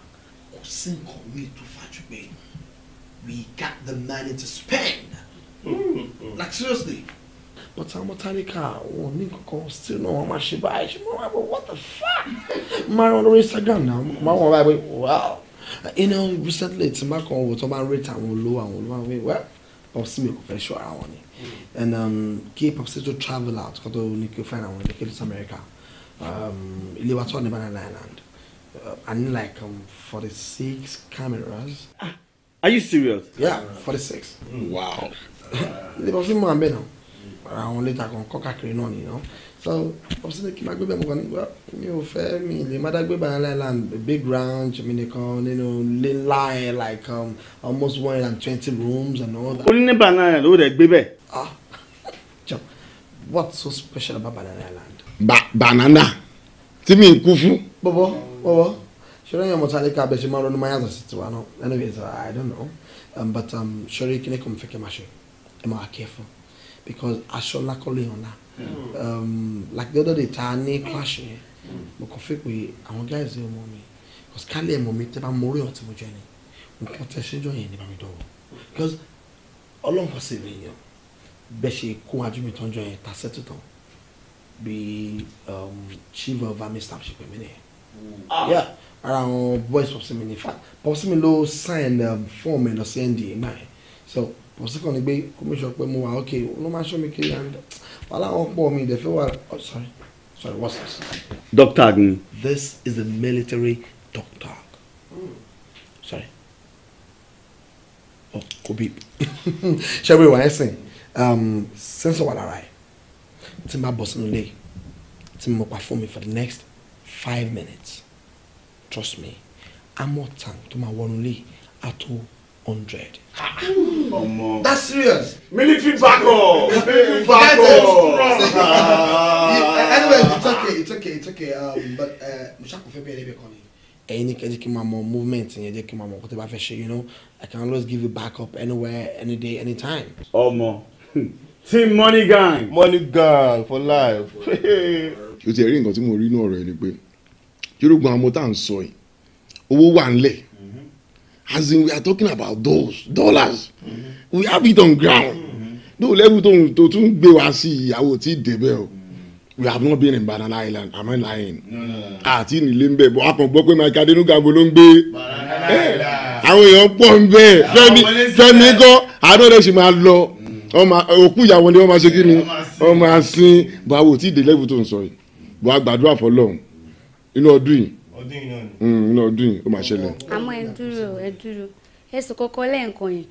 Kò sí nǹkan mi tó fàájú pé we got the money to spend. Mm. Like seriously but àwọn mọ̀tánìkà wọn ní kankan still náà wọ́n máa ṣe báyìí ṣe máa wọ́n what the fuck máa wọn lórí Instagram náà máa wọ́n báyìí wow you know recently tí máa kàn wò tó máa ń rate àwọn olówó àwọn olówó àwọn well popsi mi kò fẹ́ ṣọ́ ara wọn ni and um, kí popsi tó travel out kó tó ní kí o find àwọn ilé kéde sí America um, ilé wa tó ní Banana Island uh, I need like um, forty six cameras. Ah, are you serious? Yeah, forty six. Wow. Ilé popsi mi wà náà àwọn lẹ́tà kan kọ́ káàkiri náà nìyàn so ọ̀sẹ̀ kí n máa gbé bẹ́ẹ̀ mọ̀ kàn ní wá mi ò fẹ́ mi lè má dágbé Banana Island big ranch mi nìkan nínú ilé ńlá like um, almost one hundred and twenty rooms and all that. ó ní ní Banana Island ó gbé bẹ́ẹ̀. ah jọ what's so special about Banana land? ba banana tí mi ń kú fún. bọ́bọ́ bọ́bọ́ ṣọlá yẹn mọ̀tàlẹ́ ká bẹ̀ ṣe máa ń ronú máa yàtọ̀ sí tiwa náà anyway i don't know um, but um, ṣọlá kí ni kò ń fẹ́ kí n máa ṣe ẹ máa careful because aṣọ lákọ́lé yàn la hmm. um, like the other day ta ní clash yẹn hmm. mo kàn fi pé àwọn guys yóò mọ mi because kálí ẹ̀ mọ mi tẹ́ bá mọ orí ọ̀tí mo jẹ́ ni nǹkan tẹ́ ṣẹ́jọ́ yẹn ní bàmí dọ̀wọ́ because ọlọ́run kan sì lè yàn bẹ́ẹ̀ ṣe kó ajúmi tán jọ yẹn ta sẹ́tù tán bí um, chief of army staff ṣe pè mí nìyẹn hmm. ah. yeah ara àwọn boys pọ̀sí mi ní fa pọ̀sí mi ló sign um, fọ́ọ̀mù ẹ̀ lọ sí nda náà so kò sí kàn ní pé kó pé mo wà ok ló máa ṣọ́ mi kiri and wàhálà pọ̀ mi ìdẹ̀fẹ́ wà oh, sorry sorry what's this. doctor agni. this is a military doctor. Hmm. sorry. oh kò bí. ṣé bí wàá ẹ̀sìn um, sẹ́ńsọ̀ wà lára ẹ̀ tí n bá bọ̀ sínú ilé tí mo pa fún mi for the next five minutes trust me amọ̀ tàn tó máa wọnú ilé àtò hundred. ọmọ that's serious. military backup anyway it's okay it's okay it's okay um, but musaku fẹ́ bẹ̀rẹ̀ bẹ kọ ni. ẹ̀yin ni kẹjẹ kí n movement yẹn jẹ kí you know i can always give you backup anywhere any day anytime. Oh ọmọ team money gang. money gang for life. o ti rí nǹkan tí mo rí inú ọ̀rọ̀ yẹn ni pé yorùbá àwọn ọmọ tá à ń sọ as in we are talking about those dollars mm -hmm. we have it on ground No, level tó tó tún gbé wá sí ìyàwó tí débẹ̀ o we have not been in Banana Island am I lying àti nílé ń bẹ̀ bọ́ a kàn gbọ́ pé Mike Adenuga bo ló ń gbé eh, àwọn èèyàn pọ̀ ń bẹ̀ Fẹ́mi Fẹ́mi kọ́ àádọ́ rẹ̀ sì máa lọ òkú ìyàwó ni wọ́n máa ṣe kí ni wọ́n máa sin bọ́ àwọn ò tí ì dé level tó ń sọ yìí bọ́ a gbàdúrà fọlọ́run inú ọdún yìí ọdún yìí náà ni. Mm, inú ọdún yìí ó máa ṣẹlẹ̀. àmọ́ ẹ dúró ẹ dúró ẹ sọ kọ́kọ́ lẹ́ẹ̀kan yẹn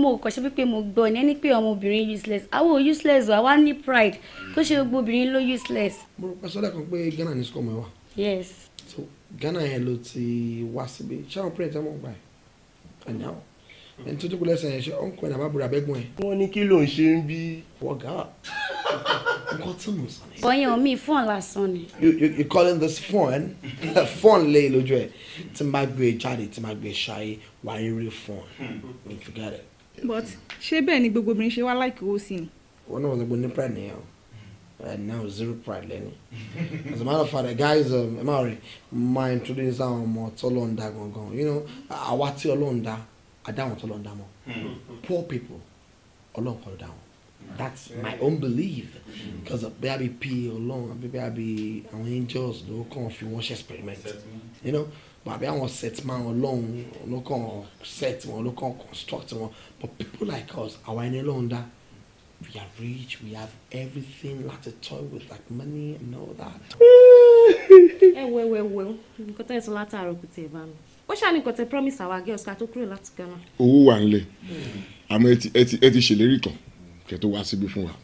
mo kọ ṣe pé mo gbọ́ ní ẹni pé ọmọbìnrin useless àwọn useless wa wá ní pride tó ṣe gbogbo obìnrin ló useless. mo rò pé sọ́dọ̀ kan pé Ghana ní sukọ̀ mọ́ wa. yes. so Ghana yẹn ló ti wá síbi ṣé àwọn parents ẹ mọ̀ gbà ẹ̀ ẹ̀ ẹni tó dúkú lẹ́sẹ̀ yẹn ṣe ó kọ́ ẹ̀ nàbà bùrọ̀ abẹ́gùn ẹ̀. wọ́n ní kí ló ń ṣe ń bí. wọ́gà nǹkan tí mo sọ. bọ́yẹn omi fọ́ọ̀n lásán ni. you you you calling this fọ́ọ̀n fọ́ọ̀n lé lójú ẹ̀ tí máa gbé e jáde tí máa gbé e ṣayé wà á rí fọ́ọ̀n you get it. but ṣé bẹ́ẹ̀ ni gbogbo obìnrin ṣe wá láìkí owó sí ni. wọn náà gbogbo ní pride nìyẹn o and now zero pride lẹ́nu as a matter of fact the guys um, ẹ máa rí máa introduce àwọn ọmọ tọ́lọ́ ń da gangan you know àwa tí Ọlọ́run dá adáhùn tó lọ́n dáhùn hmm. poor people ọlọ́run kọ́ ló dáhùn hmm. that's hmm. my own belief because bí a bí p ọlọ́run bí a bí àwọn angels ló kàn fi wọ́n ṣe experiment you know bàbá àwọn set man ọlọ́run ló kàn set wọn ló kàn construct wọn but people like us àwa ẹni ọlọ́run dá we are rich we have everything láti toy with like money and all that. ẹ wẹ́wẹ́wẹ́ nǹkan tó yẹ sọ látàárọ̀ kùtì ìbámu ó ṣáà ní tẹ promise àwa girls ká tó kúrò láti Ghana. owó wà nílẹ̀ àmọ́ ẹ ti ṣèlérí kan kẹ́ tó wá síbi fún wa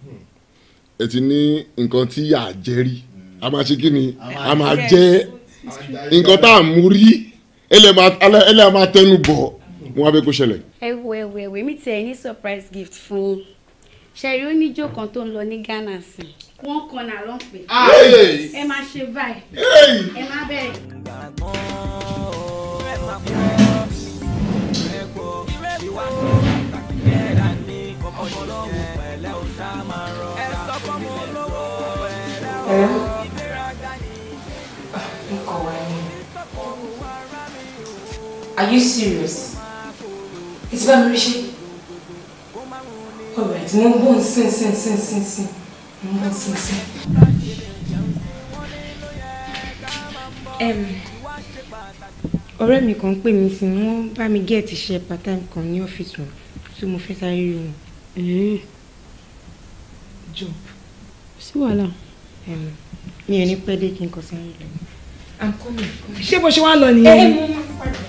ẹ ti ní nǹkan tí yà á jẹ́ rí a máa ṣe kí ni a máa jẹ́ nǹkan tá à ń mú rí ẹlẹ́ a máa tẹnu bọ̀ wọn á bẹ kó ṣẹlẹ̀. ẹ wo ẹ wo ẹ ní surprise gift fún yín ṣẹ̀rí oníjó kan tó ń lọ ní Ghana sí i wọ́n kan náà ló ń pè é ẹ máa ṣe báyìí ẹ máa bẹ̀rẹ̀. Are you serious? It's about Marishi. Alright, mo ń bọ̀ ń sin sin sin sin sin. Mo one, bọ̀ ń sin sin. Um, ọ̀rẹ́ mi kan pè mí sí wọ́n bá mi gẹ́ẹ̀tì ṣe part time kan ní ọ́fíìsì wọn tí mo fẹ́ sáré rí wọn. job sí wàhálà. mi ò ní pẹ́ dé kí n kọ sáré lọ. i'm coming. ṣé bó ṣe wá lọ nìyẹn. ẹ ẹ mo máa ń padà.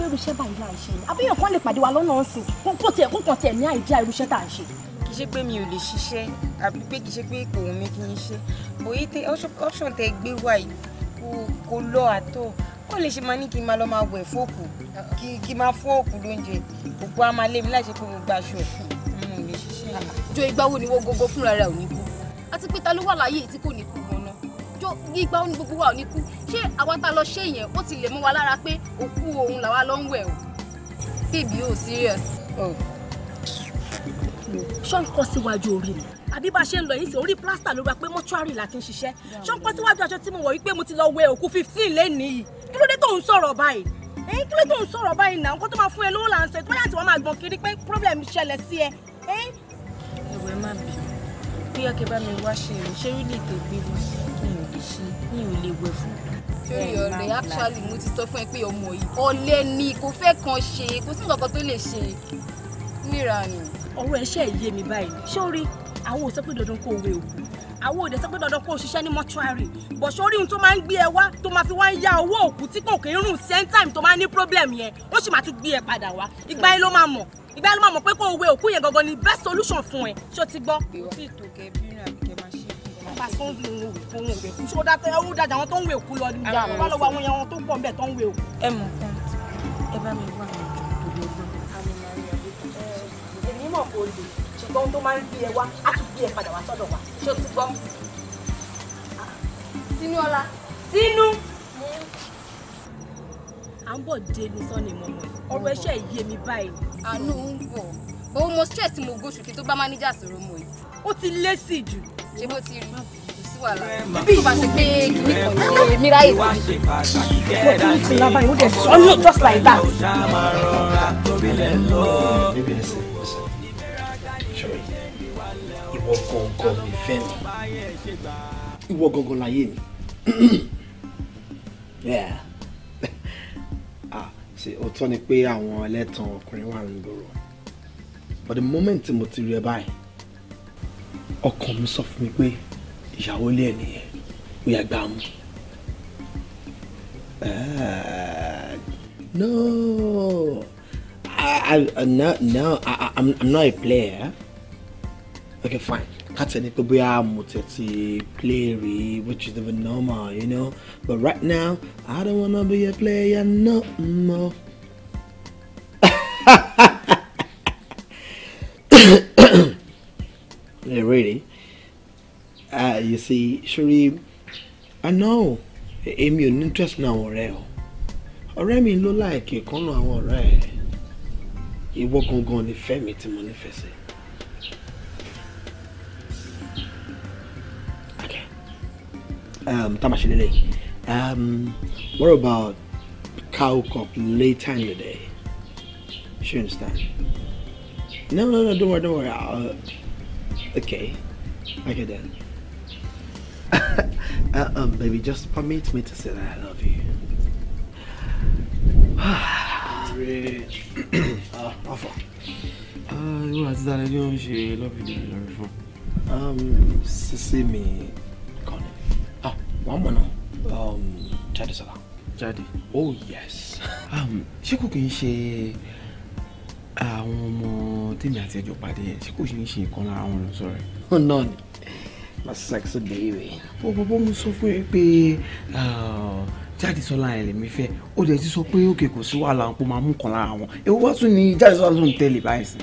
pé irúṣẹ́ báyìí là ń ṣe ni àbí èèyàn kan lè pàdé wa lọ́nà ọ̀sìn kó tiẹ̀ kó kàn tiẹ̀ ní àìdí irúṣẹ́ tá à ń ṣe. kì í ṣe pé mi ò lè ṣiṣẹ́ àbí pé kì í ṣe pé kò wù mí kí n ṣe bòyí tẹ option tẹ gbé wá yìí kò lọ àtọ̀ ó lè ṣe máa ní kí n máa lọ máa wẹ̀ fóòkù kí n máa fóòkù lóúnjẹ òkú á máa lé mi láì ṣe pé mo gba aṣọ ẹ̀ nígbà ó ní gbogbo wa ò ní kú ṣé àwa tá a lọ ṣe yẹn ó ti lè mọ́ wa lára pé òkú òun làwa lọ ń wẹ̀ o bèbí ò serious. ṣọ́n síwájú orí mi àbí bá a ṣe ń lọ yìí sí orí plaster ló ra pé mọ́túárì láti ń ṣiṣẹ́ ṣọ́n kọ́ síwájú aṣọ tí mo wọ̀ wípé mo ti lọ wẹ̀ òkú fifteen lénìí kí ló dé tó ń sọ̀rọ̀ báyìí èyí kí ló tó ń sọ̀rọ̀ báyìí náà nǹkan tó máa fún ẹ lówó là ń sọ ẹ tí wọ́n máa gbọ̀n kiri pé problem ṣẹlẹ̀ sí ẹ. ẹ̀wẹ̀ má bì í bí ọkẹ́ bá mi wá ṣe ìrìn ṣé rí lè tó gbé mi ṣe mi ò lè wẹ̀ fún sórí actually mo ti sọ fún ẹ pé ọmọ yìí ọ̀lẹ ni kò fẹ́ kan ṣe kò sí nǹkan tó lè ṣe níra ni. ọwọ́ ẹ ṣe yé mi báyìí sórí àwọn ò sọ pé dandan kó wé òkú àwọn òde sọ pé dandan kó ṣiṣẹ́ ní mọ́ṣúárì bọ̀ sórí ohun tó máa ń gbé ẹ wá tó máa fi wá ń ya owó òkú tí kò kí ń rùn sẹ́ńtàìmù tó máa ń ní problem yẹn ó sì máa tún gbé ẹ padà wá ìgbà yẹn ló máa mọ̀ ìgbà yẹn ló máa mọ̀ pé kó wé òkú yẹn gangan ni best solution fún ẹ ṣó ti gbọ́. ìwọ ti tò kẹ́ bí pásítọ̀ ń lu ohun ìwé kú ṣó dáta ẹrú dájà àwọn tó ń wè kú lọ ní ìjà wọn lọ́wọ́ àwọn èèyàn tó pọ̀ ń bẹ̀ tó ń wè kú. ẹ mọ̀ kan ẹ bá mi wá èmi mọ̀ kó lè ṣùgbọ́n tó máa ń gbé ẹ wá á tún gbé ẹ padà wá sọ́dọ̀ wa ṣó ti gbọ́. sínú ọlá sínú à ń bọ̀ dé ní sọ́ni mọ́mọ́ ọ̀rọ̀ ẹ̀ṣẹ̀ yé mi báyìí. àánú ń bọ̀ òun mo stress mo go ṣùkí tó bá manager sọ̀rọ̀ mo yìí. ó ti lé sí jù. ṣé bó ti rí kò sí wàhálà bí ìbá ṣe pé kìíní kan ṣe mí ráyè tó tún ti lábá yìí ó dẹ̀ sọ ní just like that. ìwọ gọ̀ọ̀gọ̀ mi fẹ́ mi ìwọ gọ̀ọ̀gọ̀ láyé mi ah, ṣe òótọ́ ni pé àwọn ẹlẹ́tàn ọkùnrin wà ń gbòòrò but the moment mo ti rí ẹ báyìí ọkàn mi sọ fún mi pé ìyàwó ilé ẹ nìyẹn ó yà gbà mú. Eh, no I, I, uh, no no I, I'm, not a player okay fine káàtì ẹni pé bóyá mo tẹ̀ ti play rí which is even normal you know but right now I don't wanna be a player no more. No. really uh, you see sori I know èmi ò ní interest ní àwọn ọ̀rẹ́ o ọ̀rẹ́ mi ló láìkè kan náà àwọn ọ̀rẹ́ ẹ̀ ìwọ gangan ni fẹ́ mi tí mo nífẹ̀ẹ́ sí. Um, Tamashilele, um, what about cow cup later in the day? She understand? No, no, no, don't worry, don't worry. I'll, uh, okay. Okay then. uh, um, baby, just permit me to say that I love you. Rich. uh, Alpha. Uh, you want to tell you she love you, love you. Um, Sisi mi, Connie. Ah, one more now. Um, Jade Sala. Jade. Oh yes. Um, she kò she àwọn ọmọ tèmi àti ẹjọ pàdé yẹn ṣé kò ṣe ń ṣe ìkan lára wọn lọ sọ̀rọ̀ ẹ náà ni my sexy baby. bọ́bọ́ bọ́ mo sọ fún yín pé jáde sọlá yẹn lèmi fẹ́ ó dẹ̀ ti sọ pé òkè kò sí wàhálà ń pò máa mú kan lára wọn èwo wá tún ni jáde sọlá tó ń tẹ̀lé báyìí sí.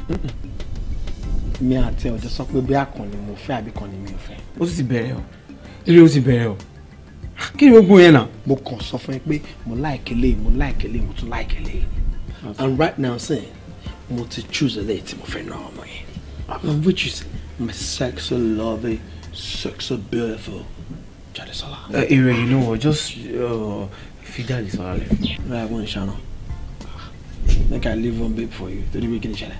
mi àti ọjọ́ sọ pé bí àkànni mo fẹ́ àbí kan ni mi ò fẹ́. ó sì ti bẹ̀rẹ̀ o eré ó ti bẹ̀rẹ̀ o kí ni gbogbo yẹn náà. mo kàn sọ fún yín pé mo láìkélé mo láìkélé mo tún láìkélé and right now sẹ́yìn mo ti choose eléyìí tí mo fẹ́ ná ọmọ yẹn which is my sexy loving sexy beautiful Jádesọ́lá. èrè yìí ló wọ just uh, fi Jádesọ́lá lẹ. láì wọ́n ń ṣáná make I leave one babe for you torí pé kí ni ṣẹlẹ̀.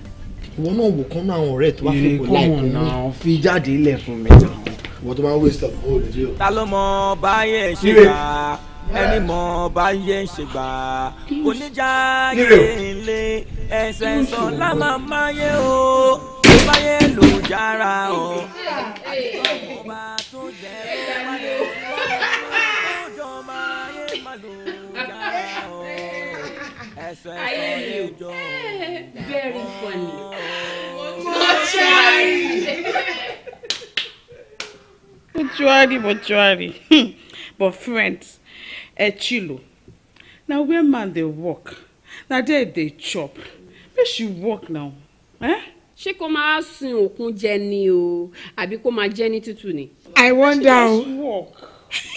ìwọ náà wò kán náà àwọn ọ̀rẹ́ tó bá fi kò láìpẹ́ náà fi jáde ilẹ̀ fún mi. wọ́n tó máa ń waste up whole day. ta ló mọ báyẹn ṣe ká ẹni mọ bá yẹ ń ṣe gbà oníjà yé lé ẹsẹ̀ sọ lámà máyé o tó bá yẹ lò jára o. Ayé mi very funny. Mo ṣe but friends echilo na where man dey work na there e dey chop make she work now. Eh? ṣé kó máa sun òkun jẹ ni o àbí kó máa jẹ ní tútù ni. i wonder o.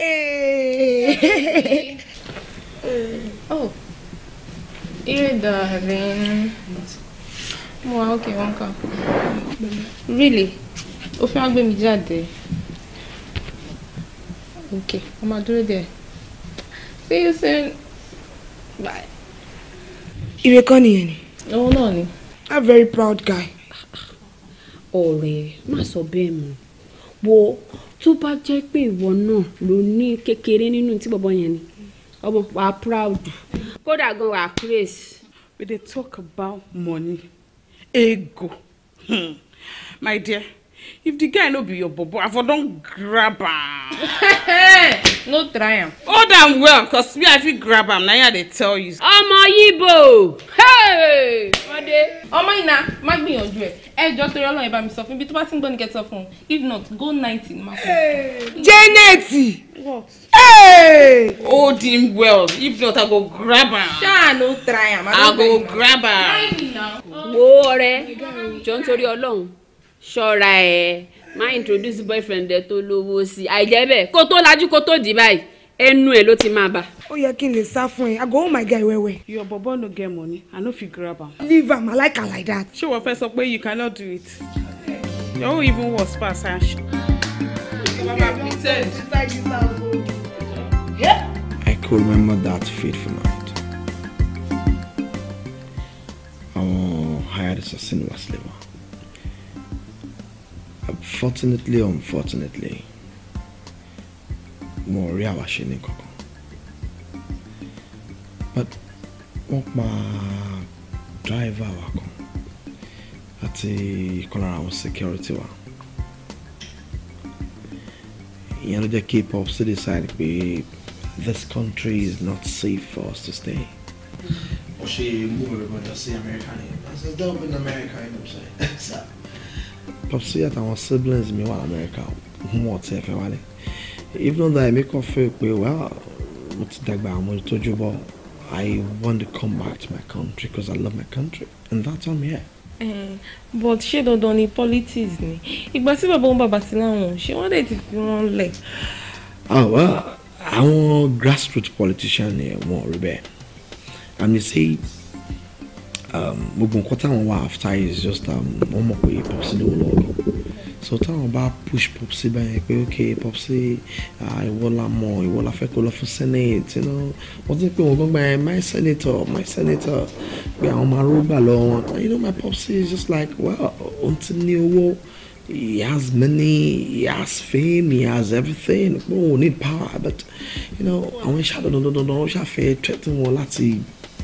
Eh. oh here darling mo wa okay one cup really o fi wá gbé mi jáde okay o máa dúró díẹ̀. See you soon. Bye. Irekoni. ni. no, náà I'm a very proud guy. Ọ̀rẹ́, má sọ bẹ́ẹ̀ mọ́. Wo tó bá jẹ́ pé ìwọ náà ló ní kékeré nínú tí bọ̀bọ̀ yẹn ni. Ọmọ wa proud. Kódà gan wa praise. We dey talk about money. Ego. Hmm. My dear. if the guy no be your bobo i for don grab am. no try am. hold am well cos me i fit grab am na i dey tell you. ọmọ yibo ọmọdé ọmọ iná má gbìyànjú ẹ ẹ jọ torí Ọlọ́run ẹ bá mi sọ fún ibi tó bá ti ń gbọ́ ni kẹ́ sọ fún un if not go ninety má kọ. janet hey! hold him well if not i go grab am. ṣáà no try am. i go grab am. wo ọ̀rẹ́ jọ nítorí Ọlọ́run ṣọ́ra ẹ̀ má introduce boyfriend ẹ tó lówó sí i àìjẹ́ bẹ́ẹ̀ kó tó lajú kó tó dì báyìí ẹnu ẹ ló ti máa bá. ó yẹ kí n lè sá fún ẹ i go hold my guy well well. your bobo no get money i no fit grab am. leave am i like am like that. ṣé wọ́n fẹ́ sọ pé you cannot do it your own even worse pass her. I could remember that fateful night. Our hired assassin was Leva. Unfortunately, unfortunately wọn ò rí àwàṣe ní kankan but wọ́n pa driver wa kan àti ìkan lára àwọn security wa ìyẹn ló jẹ́ kí pop sí decide pé this country is not safe for us to stay. ó ṣe mú ẹ̀rọ ìbọn lọ sí amẹ́ríkà ni i said don't be in america you know what i'm saying. popsi àtàwọn siblings mi wà lamẹ́ríkà òun ti ẹ̀fẹ́ wálé even though I make a fẹ́ pé well mo ti dàgbà àwọn ìtọ́jú bọ́ I want to come back to my country because I love my country and that's why I'm here. Uh, but ṣé dandan ni politics ni ìgbà tí bàbá wọn bàbá ti láwọn ṣé wọn dẹ̀ ti fi wọn lẹ̀. Ah, àwọn grassroots politicians ni wọn rí bẹ́ẹ̀ and they say Um, gbogbo nǹkan táwọn wà after is just um, wọ́n mọ̀ pé popsi ló lọ rí so táwọn bá push popsi báyẹn pé ok popsi ìwọ la mọ̀ ìwọ la fẹ́ kó lọ fún senate you know wọ́n ti pè wọ́n gbọ́ngbà yẹn my senator my senator pé àwọn máa rúgbà lọ wọn you know my popsi is just like well òun ti ní owó he has money, he has fame, he has everything. We all need power, but you know, àwọn iṣẹ́ àdọ̀dọ̀dọ̀dọ̀ ṣàfẹ́ threaten wọn láti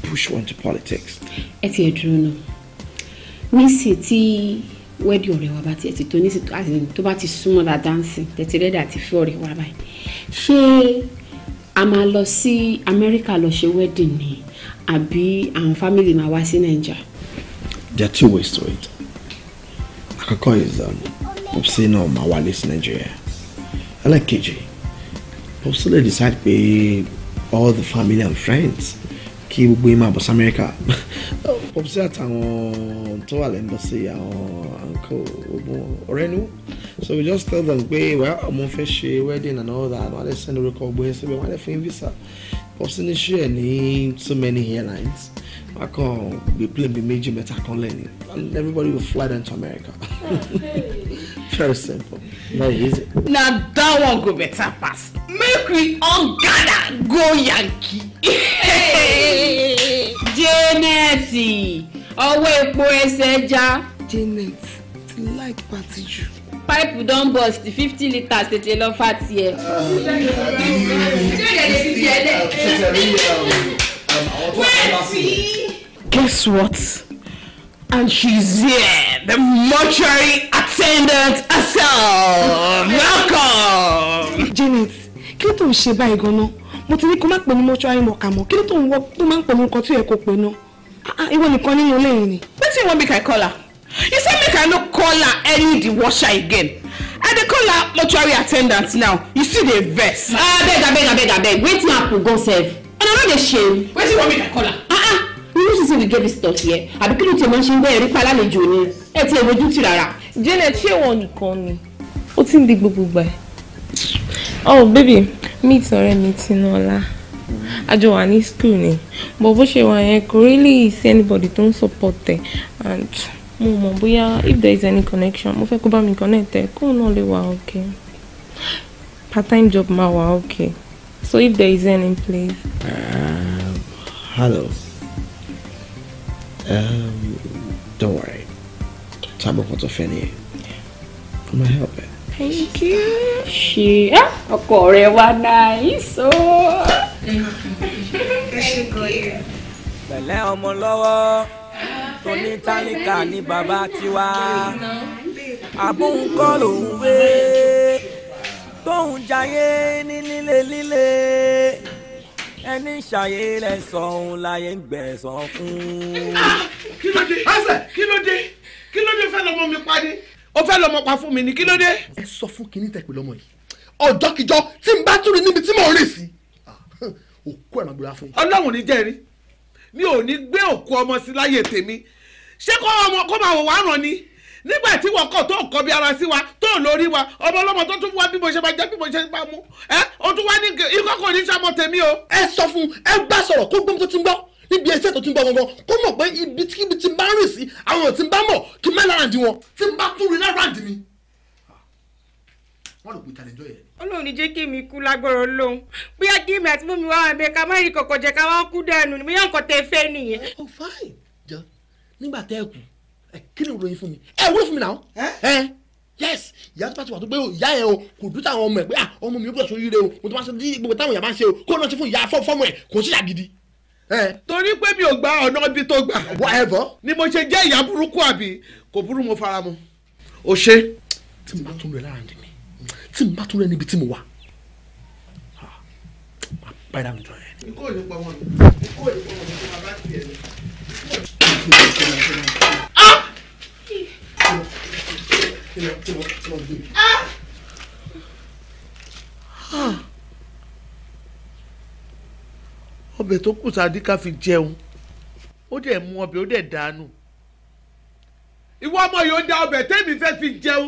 push one to politics. ẹ ti ẹ dúró náà nísì tí wẹ́ẹ̀dì ọ̀rẹ́ wa bá ti ẹ̀ ti tó nísì tó bá ti súnmọ́ la dáńsì tẹ̀tí rẹ́dà àti fẹ́ ọ̀rẹ́ wa báyìí ṣé a máa lọ sí amẹ́ríkà lọ ṣe wẹ́ẹ̀dì ni àbí àwọn fámìlì máa wá sí nàìjà. there are two ways to it àkọ́kọ́ is um, popsi náà máa wálé sí nàìjíríà ẹlẹ́kejì popsi lè decide pé all the family and friends kí gbogbo yín máa bọ̀ sí amẹ́ríkà pọ̀pọ̀sí àtàwọn tó wà lẹ́mbọ̀sí àwọn uncle ọ̀rẹ́ ni wọ́n so we just tell them pé wà ọmọ fẹ́ ṣe wedding and all that wọ́n á lè send orúkọ ọgbẹ́ yẹn síbẹ̀ wọ́n á lè fún yín visa pọ̀pọ̀sí ní ṣe ẹ̀ ní too many airlines wọ́n kàn gbé plane bíi méjì mẹ́ta kan lẹ́ni and everybody will fly them to America. very simple not easy Now that one go better pass make we all gather go yankee janet ọwọ́ epo ẹsẹ̀ já. janet ti like party jù. pipe don burst fifty litres tètè lọ fà here. guess what. And she's here, the mortuary attendant herself. Welcome. Janet, kí ló tó ń ṣe báyìí gan-an? Mo ti ní kó má pè ní mortuary mọ̀kàmọ́. Kí ló tó ń wọ́ tó máa ń pè ní nǹkan tó yẹ kó pè náà? Ah, ah, ìwọ nìkan nínú ilé ni. Wetin you wan make I call her? You say make I no call her any the washer again. I dey call her mortuary attendant now. You still dey vex. Abeg ah, abeg abeg abeg wetin happen go sef? Una no dey shame. Wetin you wan make I call her? Uh irú sì sì we get this stuff here àbí kí ló ti máa ṣe ń bẹ́ẹ̀ rí pa lálejò ni ẹ ti ẹ̀rọ ojú ti rárá. Janet ṣé ìwọ nìkan ni ó ti ń di gbogbo gbà ẹ. oh baby meet ọ̀rẹ́ mi Tinúọlá àjọ wà ní school ni but bó ṣe wà yẹn kò really see anybody tó ń support ẹ and mo mọ̀ bóyá if there is any connection mo fẹ́ kó bá mi connect ẹ kóun náà lè wà okay part time job máa wà okay so if there is any place. Uh, um, hello. Um, don't worry. Type of what's offending you. I'm gonna help it. Thank you. She, ah, ọkọ rẹ wá nice o. Oh. Pẹ̀lẹ́ ọmọ lọ́wọ́, Tony Táníkà ni bàbá tiwa. Àbóhùn kọ́ lòun wé, tóun jayé ní líle ẹni ṣàyè lẹ sọ òun láyé ń gbẹ̀sán fún. Ah, kí ló dé ọsẹ kí ló dé kí ló dé fẹ́ lọ́mọ mi pàdé ó fẹ́ lọ́mọ pa fún mi ni kí ló dé. ẹ sọ fún kinní tẹ̀ pé lọ́mọ yìí ọjọ́kíjọ́ tí n bá tún rí níbi tí mò ń rìn sí ah, òkú ẹ̀rọ gbéra fún mi. ọlọ́run ní jẹ́rí mi ò ní gbé òkú ọmọ sí láyé tèmi ṣé kó ọmọ kó máa wò wá ràn ni nígbà tí wọn kọ tó kọ bí ara sí wa tó lórí wa ọmọ ọlọmọ tó tún wá bí mo ṣe máa jẹ bí mo ṣe máa mú ẹ o tún wá ní ikọ́ kò ní sọmọ tèmi o. ẹ sọ fún ẹ bá sọ̀rọ̀ kó gbọ́n tó ti ń gbọ́ níbi ẹsẹ̀ tó ti ń gbọ́ gbọ́n kó mọ̀ pé ibi tí ibi ti bá rìn sí àwọn tí bá mọ̀ kí má lára di wọn tí bá tún rí lára di mi. wọ́n lò pé ìtàlẹ́jọ́ yẹn. Ọlọ́run ní jẹ́ kí mi kú lágbára Ọlọ́run bóyá kí èmi àti mọ́mi wá ẹ̀mẹ́ ká má rí kọ̀kọ̀ jẹ́ ká wá kú dànù bóyá nǹkan tẹ fẹ́ nìyẹn. ọ̀ oh, fáìn jọ nígbà tẹ́ ẹ Eh, kí ni ìròyìn fún mi ẹ eh, wúlò fún mi náà ẹ eh? yes ìyá tó bá ti wà tó pé oh, ìyá ẹ o kò dúró táwọn ọmọ ẹ pé ah ọmọ mi ò gbọdọ̀ sórí rẹ o mo tó bá ṣe dí gbogbo táwọn ìyá bá ń ṣe o kó náà ṣe fún ìyá fọ́ọ̀mù ẹ kò sí àgídí. torí pé mi ò gba ọ̀nà ibi tó gbà whatever ni mo ṣe jẹ́ ìyá burúkú àbí kò burú mo fara mọ́ o ṣe. tí mo bá tún rẹ lára ǹdí mi tí mo bá tún rẹ níbi tí mo wà ah, máa bá ìdáhùn jọ yẹn. ikú ò ní pọ̀ mọ́ mi ikú ò ní pọ̀ mọ́ mi kí n máa bá tiẹ̀ lọ kí ló kí ló kí ló gbé. ọbẹ̀ tó kù sáà díkà fi jẹun ó dẹ̀ mú ọbẹ̀ ó dẹ̀ dànù ìwọ ọmọ yìí ó da ọbẹ̀ tẹ́mi fẹ́ fi jẹun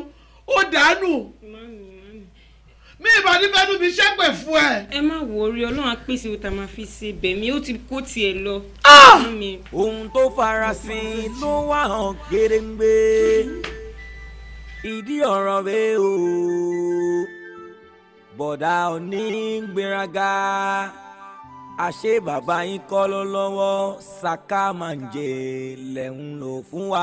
ó dànù mi ìbá ní fẹ́ nu mi ṣẹ́pẹ̀ fún ẹ. ẹ má wo orí ọlọ́run apèsè òtà máa fi ṣe bẹ̀mí ó ti kó tiẹ̀ lọ. Ah! ohun tó farasin ló wà hàn gédéǹgbé ìdí ọ̀rọ̀ rẹ o bọ̀dá òní ń gbéraga àṣé bàbá yín kọ́ ló lọ́wọ́ ṣaka máa ń jẹ lẹ̀ lò fún wa.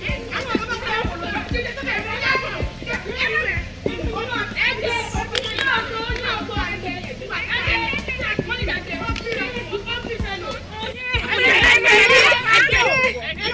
Yeah.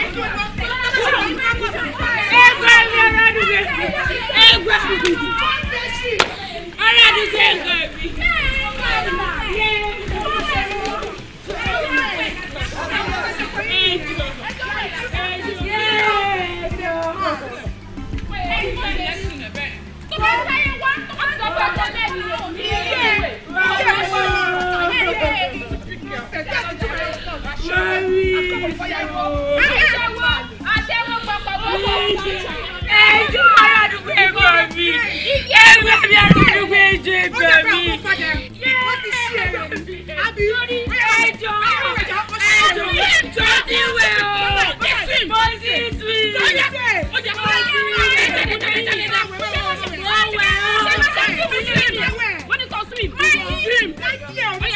Egwe mi ara dùgbè sí. Egwe mi. Ara dùgbè ngọ̀ mi. Thank you. Wait, wait, wait, wait, wait. Swim! Wọ́n ní kò swim. Swim!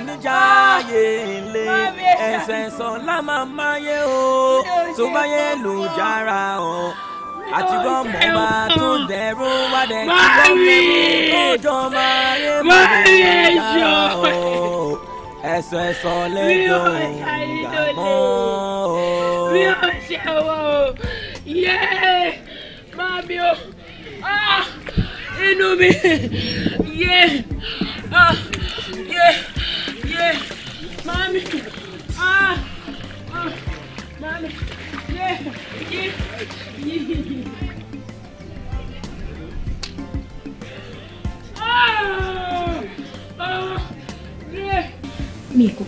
oníjàyè ńlẹ ẹsẹ̀ sàn lámà o tó bá yẹ lò jára o àti gbọ́mọ̀ bá tó dẹ̀rù wá dẹ̀ kí wọ́n fi ọjọ́ máa yé máa yá o ẹ̀sọ̀ ẹ̀sọ̀ lẹ́jọ́ ìgbàmọ́ o. mi ò ṣe wọ o yẹ máa mi o ah! inú mi.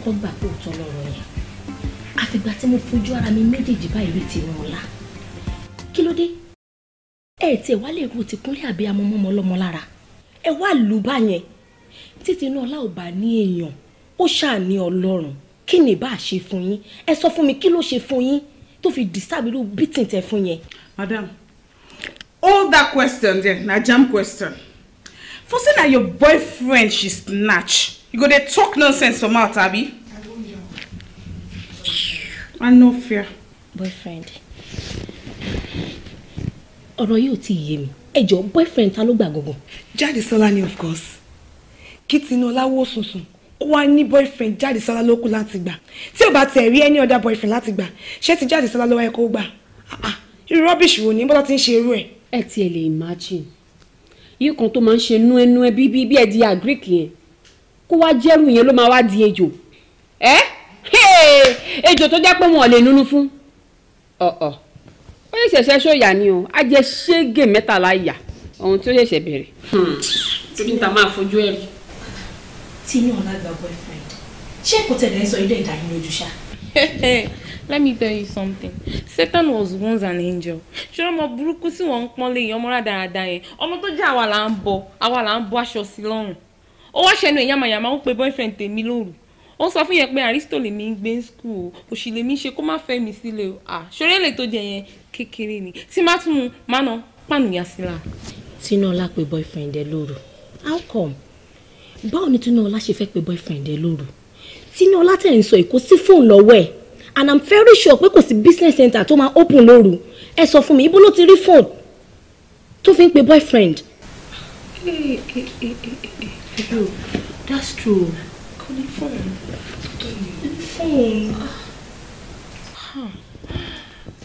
kọ́kọ́ gbà pé òótọ́ lọ́rọ̀ yẹn àfìgbà tí mo fojú ara mi méjèèjì báyìí rí tiwọn ọ̀la kí ló dé ẹ tiẹ̀ wá lè ro tìkúnlẹ̀ àbí amọ́mọ́mọ́ lọ́mọ lára ẹ wá lù bá yẹn títí inú ọlá ò bá ní èèyàn ó ṣáà ọlọ́run kí ni bá a ṣe fún yín ẹ sọ fún mi kí ló ṣe fún yín tó fi disturb irú beating tẹ fún yẹn. madam all that question there na jam question. Person that your boyfriend she snatch. You go dey talk nonsense from out Abi. I no fear. Boyfriend. Ọ̀rọ̀ yìí ò tí ì yé mi. Hey, your boyfriend ta ló Jadi Solani, of course. Kí Tinúọlá wó sùnsùn ó wá boyfriend Jadi Solani, kù láti gbà. Tí ò any other boyfriend láti gbà, ṣé ti Jádesọ́lá ló wáyé kó gbà? Ah, ah, irú rubbish wo ni bọ́lá ti ń ṣe irú ẹ̀? imagine iye kan tó máa ń ṣe nú ẹnu ẹ bí bí ẹ di agric yẹn kó wá jẹ́rù yẹn ló máa wá di ejò ẹ ejò tó jẹ́ pé wọn ò lè nunu fún ọ̀ọ̀ ó yẹ ṣẹ̀ṣẹ̀ ṣòyà ni o á jẹ ṣége mẹ́tàlá ìyà ohun tí ó ṣẹ̀ṣẹ̀ bẹ̀rẹ̀. tí hmm. níta máa fojú ẹ̀ rí. tí inú ọ̀la gba boyfriend ṣé kò tẹ̀lé ń sọ ilé ìdáyé lójú ṣá let me tell you something Satan was once an angel ṣé ọmọ burúkú tí wọ́n ń pọ́n léyìn ọmọ rádaràda yẹn ọmọ tó jẹ́ àwa là ń bọ àwa là ń bọ aṣọ sí lọ́rùn ó wá ṣẹnu èèyàn màyàmá ó pe boyfriend tèmi lóru ó sọ fún yẹn pé aristo lèmi ń gbé school òṣì lèmi ṣe kó má fẹ́ mi sílẹ̀ o à ṣoré lè tó jẹ yẹn kékeré ni tí má tún un má na pànìyàn sí la. Tinúọlá pe boyfriend ẹ lóru how come báwo ni Tinúọlá ṣe fẹ́ pe boyfriend ẹ lóru Tinúọlá tẹ̀ ń sọ èkó sí fóònù lọ́wọ́ ẹ̀ and i'm very sure pé kò sí business center tó máa open lóru ẹ sọ fún mi ibo ló ti rí phone tó fi ń pe boyfriend. Hey, hey, hey, hey, that's true kò ní phone phone.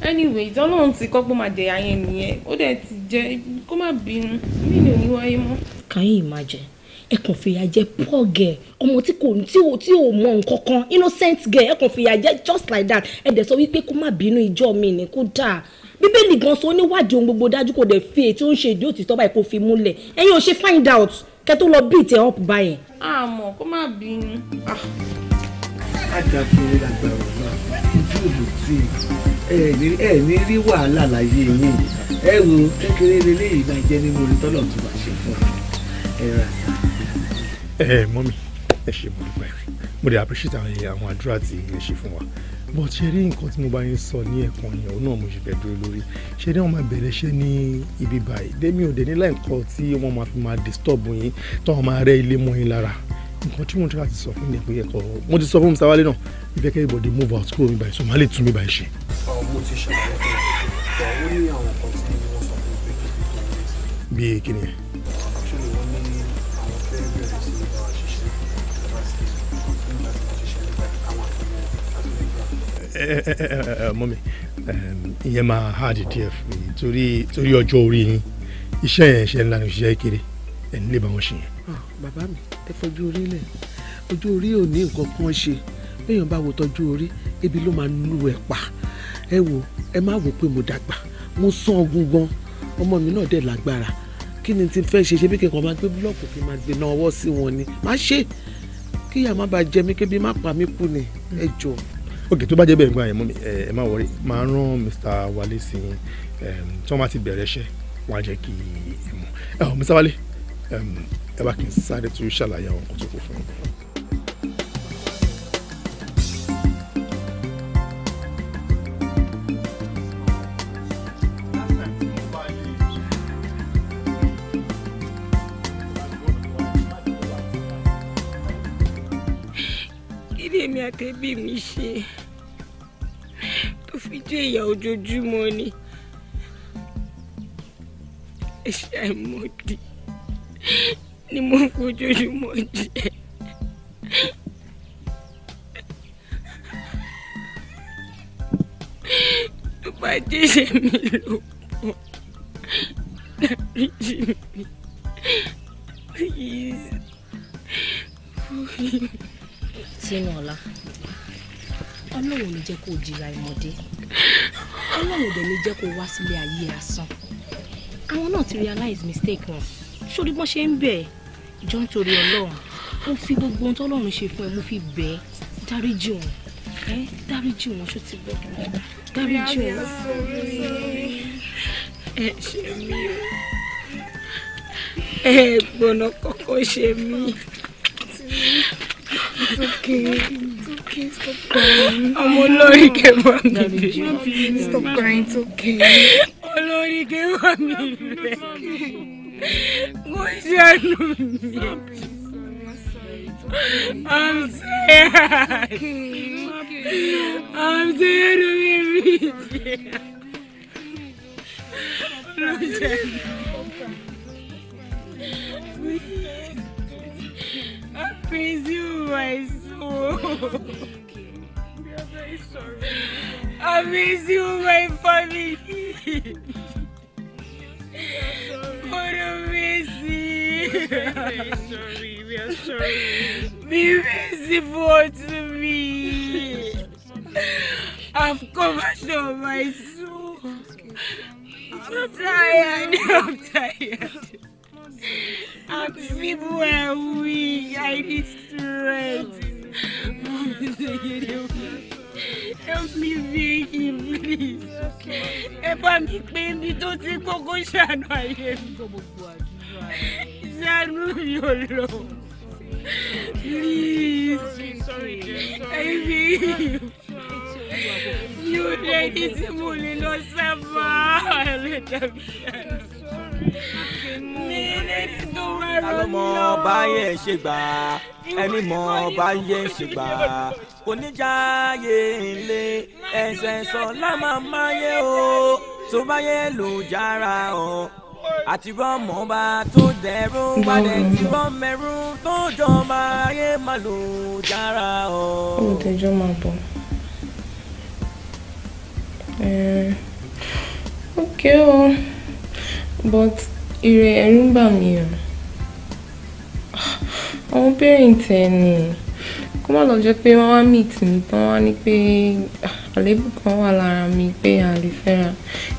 anyway ọlọ́run ti kọ́ pé máa jẹ̀yà yẹn nìyẹn ó dẹ̀ ti jẹ́ kó má bínú mí ni ò ní wáyé mọ́. can you imagine? ẹ kàn fìyà jẹ poor girl ọmọ tí kò tí ò tí ò mọ nǹkan kan innocent girl ẹ kàn fìyà jẹ just like that ẹ dẹ̀ sọ wípé kó má bínú ìjọ mi ní kó dáa bíbélì gan sọ níwádìí ohun gbogbo dájú kò dẹ̀ fi ètò ń ṣe ìdí òtítọ́ báyìí kò fi múlẹ̀ ẹ̀yin ò ṣe find out kẹ́ tó lọ beat ẹ̀ up báyẹn. àmọ́ kó má bínú. ajá ah. fún mi lágbára ọ̀la ojú òlù tí ẹ ní rí wàhálà láyé yín ẹ wo kékeré lélẹ́yìí máa jẹ́ nínú orí tọ́lọ̀ tó bá ṣe fún ẹ ẹ sáà. Eh, eh, ẹ mọ́mí ẹ ṣe mo dúpẹ́ mo dey appreciate àwọn àdúrà tí ẹ ṣe fún wa but ṣe rí nǹkan tí mo bá yín sọ ní ẹ̀kan yẹn òun náà mo ṣe fẹ́ dúró lórí ṣe rí wọn máa bẹ̀rẹ̀ ṣe ní ibi báyìí dẹ́mi ò dé nílẹ̀ nǹkan tí wọ́n máa fi máa disturb yín tí wọ́n máa rẹ́ ilé mọ́ yín lára nǹkan tí mo ti láti sọ fún mi pé ẹ̀kọ́ mo ti sọ fún Mr. Wálé náà ìfẹ́ kẹ́ ìbọ̀dé move out kúrò mi báyìí so máa lè tún mi báyìí ṣe. mo ti ṣàlàyé fún ẹ bíi kí ni. ọmọ mi ìyẹn máa hard díẹ̀ fún mi torí torí ọjọ́ orí yín iṣẹ́ yẹn iṣẹ́ ńlá ni òṣìṣẹ́ kéré ẹ̀ nílé bá wọn ṣe yẹn. Ah, bàbá mi ẹ fojú orí lẹ̀ ojú orí ò ní nǹkan kan ṣe béèyàn bá wo tọ́jú orí ebi ló máa lù ẹ pa ẹ wo ẹ má wò pé mo dàgbà mo sán ogun gan ọmọ mi náà dẹ̀ lágbára kí ni ti fẹ́ ṣe ṣe bí kankan máa gbé búlọ̀kù kí n máa gbé náà ọwọ́ sí wọn ni má ṣe kíyà má bàa jẹ mí kébi má pa mí kú ni ẹ jọ ok tó bá jẹ́ bẹ́ẹ̀ gbọ́n àyẹ̀mọ́ mi ẹ má wọrí máa rán Mr. Wálé sí i tí wọ́n bá ti bẹ̀rẹ̀ iṣẹ́ wọ́n á jẹ́ kí ẹ mọ̀ ẹ ọ Mr. Wálé ẹ bá kí n sáré tún ṣàlàyé àwọn kòtòkò fún mi. tèmi àtẹ́bí mi ṣe tó fi jẹ́ ìyà ojoojúmọ́ ni ẹ̀ṣẹ̀ àìmọ̀dí ni mo ń fojoojúmọ́ jẹ. tó bá jẹ́ ẹ̀ṣẹ̀ mi ló pọ̀ dáríjì mi please tínú ọ̀la ọlọ́run ní jẹ́ kó o jìyà ìmọ̀dé ọlọ́run dẹ̀ ní jẹ́ kó o wá sílé ayé asán àwọn náà ti realize mistake wọn sórí bọ́n ṣe ń bẹ̀ jọ nítorí ọlọ́run ó fi gbogbo ohun tọ́lọ́run ṣe fún ẹ mo fi bẹ̀ ẹ́ dáríjì wọn ẹ dáríjì wọn ṣó ti bọ́ dáríjì wọn. ẹ ṣe mí ẹ gbọ́nà kọ́kọ́ ṣe mí. It's okay. It's okay. Stop crying. I'm olórí kẹ Stop crying. It's okay. Olórí kẹ wá mi lé. Mo ṣàánú mi. I'm scared. I'm scared of everything. Ló ṣàánú. Praise you, my soul. We are very sorry. I miss you, my family. God, I miss you. We are sorry. We are sorry. Be merciful to me. I've covered all my soul. I'm tired. I'm tired. Happy people are weak. I need strength. Mommy, help me. Help me make him, please. Ẹ bá mi pé ibi tó ti kókó ṣàánú ayé Ṣàánú mi lọ. Please. I feel you. You ready to move in Los Angeles? alọ́mọ ọba yẹn ṣe gbà ẹni mọ ọba yẹn ṣe gbà oníjàyè ńlẹ ẹsẹ sọ lámàmáyé o tó bá yẹ lù jára o àti rọmọba tó dẹrù padà tí rọmẹrù tó jọba ayé máa lù jára o. olùtẹ́jọ́ máa bọ̀ ókè o. Okay, oh but ìrẹ̀ ẹ̀rù ń bà mí o àwọn parent ẹ̀ ni kó má lọ jẹ́ pé wọ́n wá meet mi tán wá ní pé ah, àléébù kan wà lára mi pé a lè fẹ́ra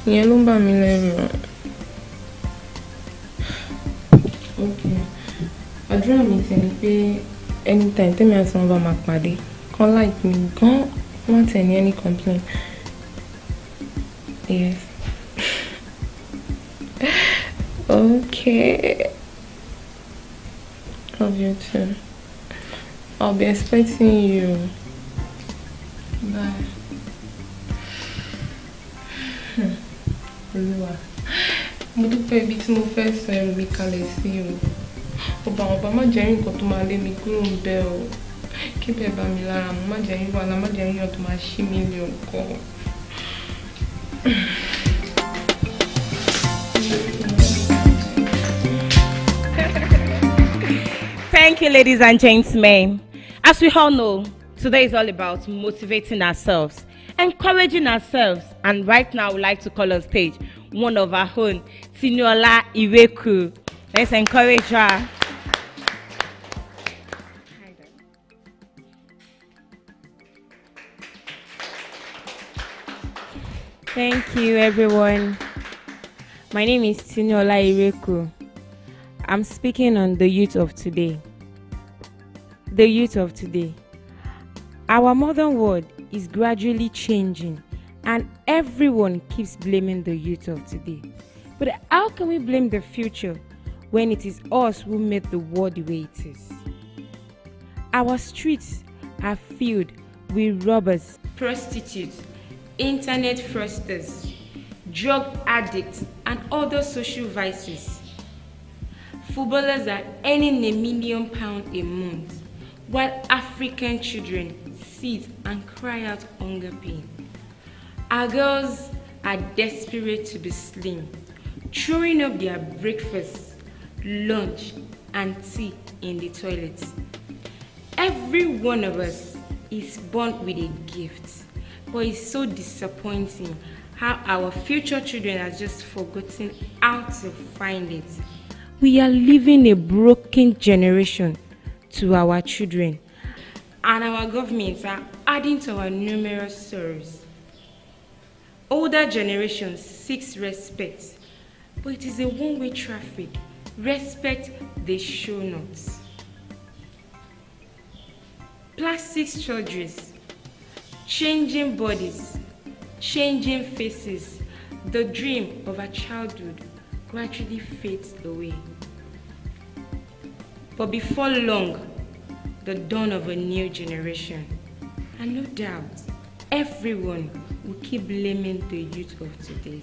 ìyẹn ló ń bà mí lẹ́rù àdúrà mi tẹ̀ ni pé anytime tẹ́mi àti wọn bá máa pàdé kan like mi gan-an wọ́n tẹ̀ ní any complaint yes. Okay. Love you too. I'll be expecting you. Bye. Olúwa. Mo dúpẹ́ ibi tí mo fẹ́ sọ ẹrù mi kalẹ̀ sí o. Ọba ọba ma jẹ́ nǹkan tó máa lé mi kúrò ń bẹ́ o. Kébẹ̀ bá mi lára, má jẹ́ yín wàhálà, má jẹ́ yín ọ̀tún máa ṣí mi lè ọkọ̀. Thank you, ladies and gentlemen. As we all know, today is all about motivating ourselves, encouraging ourselves, and right now, I would like to call on stage one of our own, Tiniola Iweku. Let's encourage her. Thank you, everyone. My name is Tiniola Iweku. I'm speaking on the youth of today the youth of today. Our modern world is gradually changing, and everyone keeps blaming the youth of today. But how can we blame the future when it is us who made the world the way it is? Our streets are filled with robbers, prostitutes, internet fraudsters, drug addicts, and other social vices. Footballers are earning a million pounds a month while African children sit and cry out hunger pain. Our girls are desperate to be slim, throwing up their breakfast, lunch, and tea in the toilets. Every one of us is born with a gift, but it's so disappointing how our future children are just forgotten how to find it. We are living a broken generation to our children. And our governments are adding to our numerous sorrows. Older generations seek respect, but it is a one-way traffic. Respect they show not. Plastic surgeries, changing bodies, changing faces, the dream of a childhood gradually fades away. But before long, the dawn of a new generation. And no doubt, everyone will keep blaming the youth of today.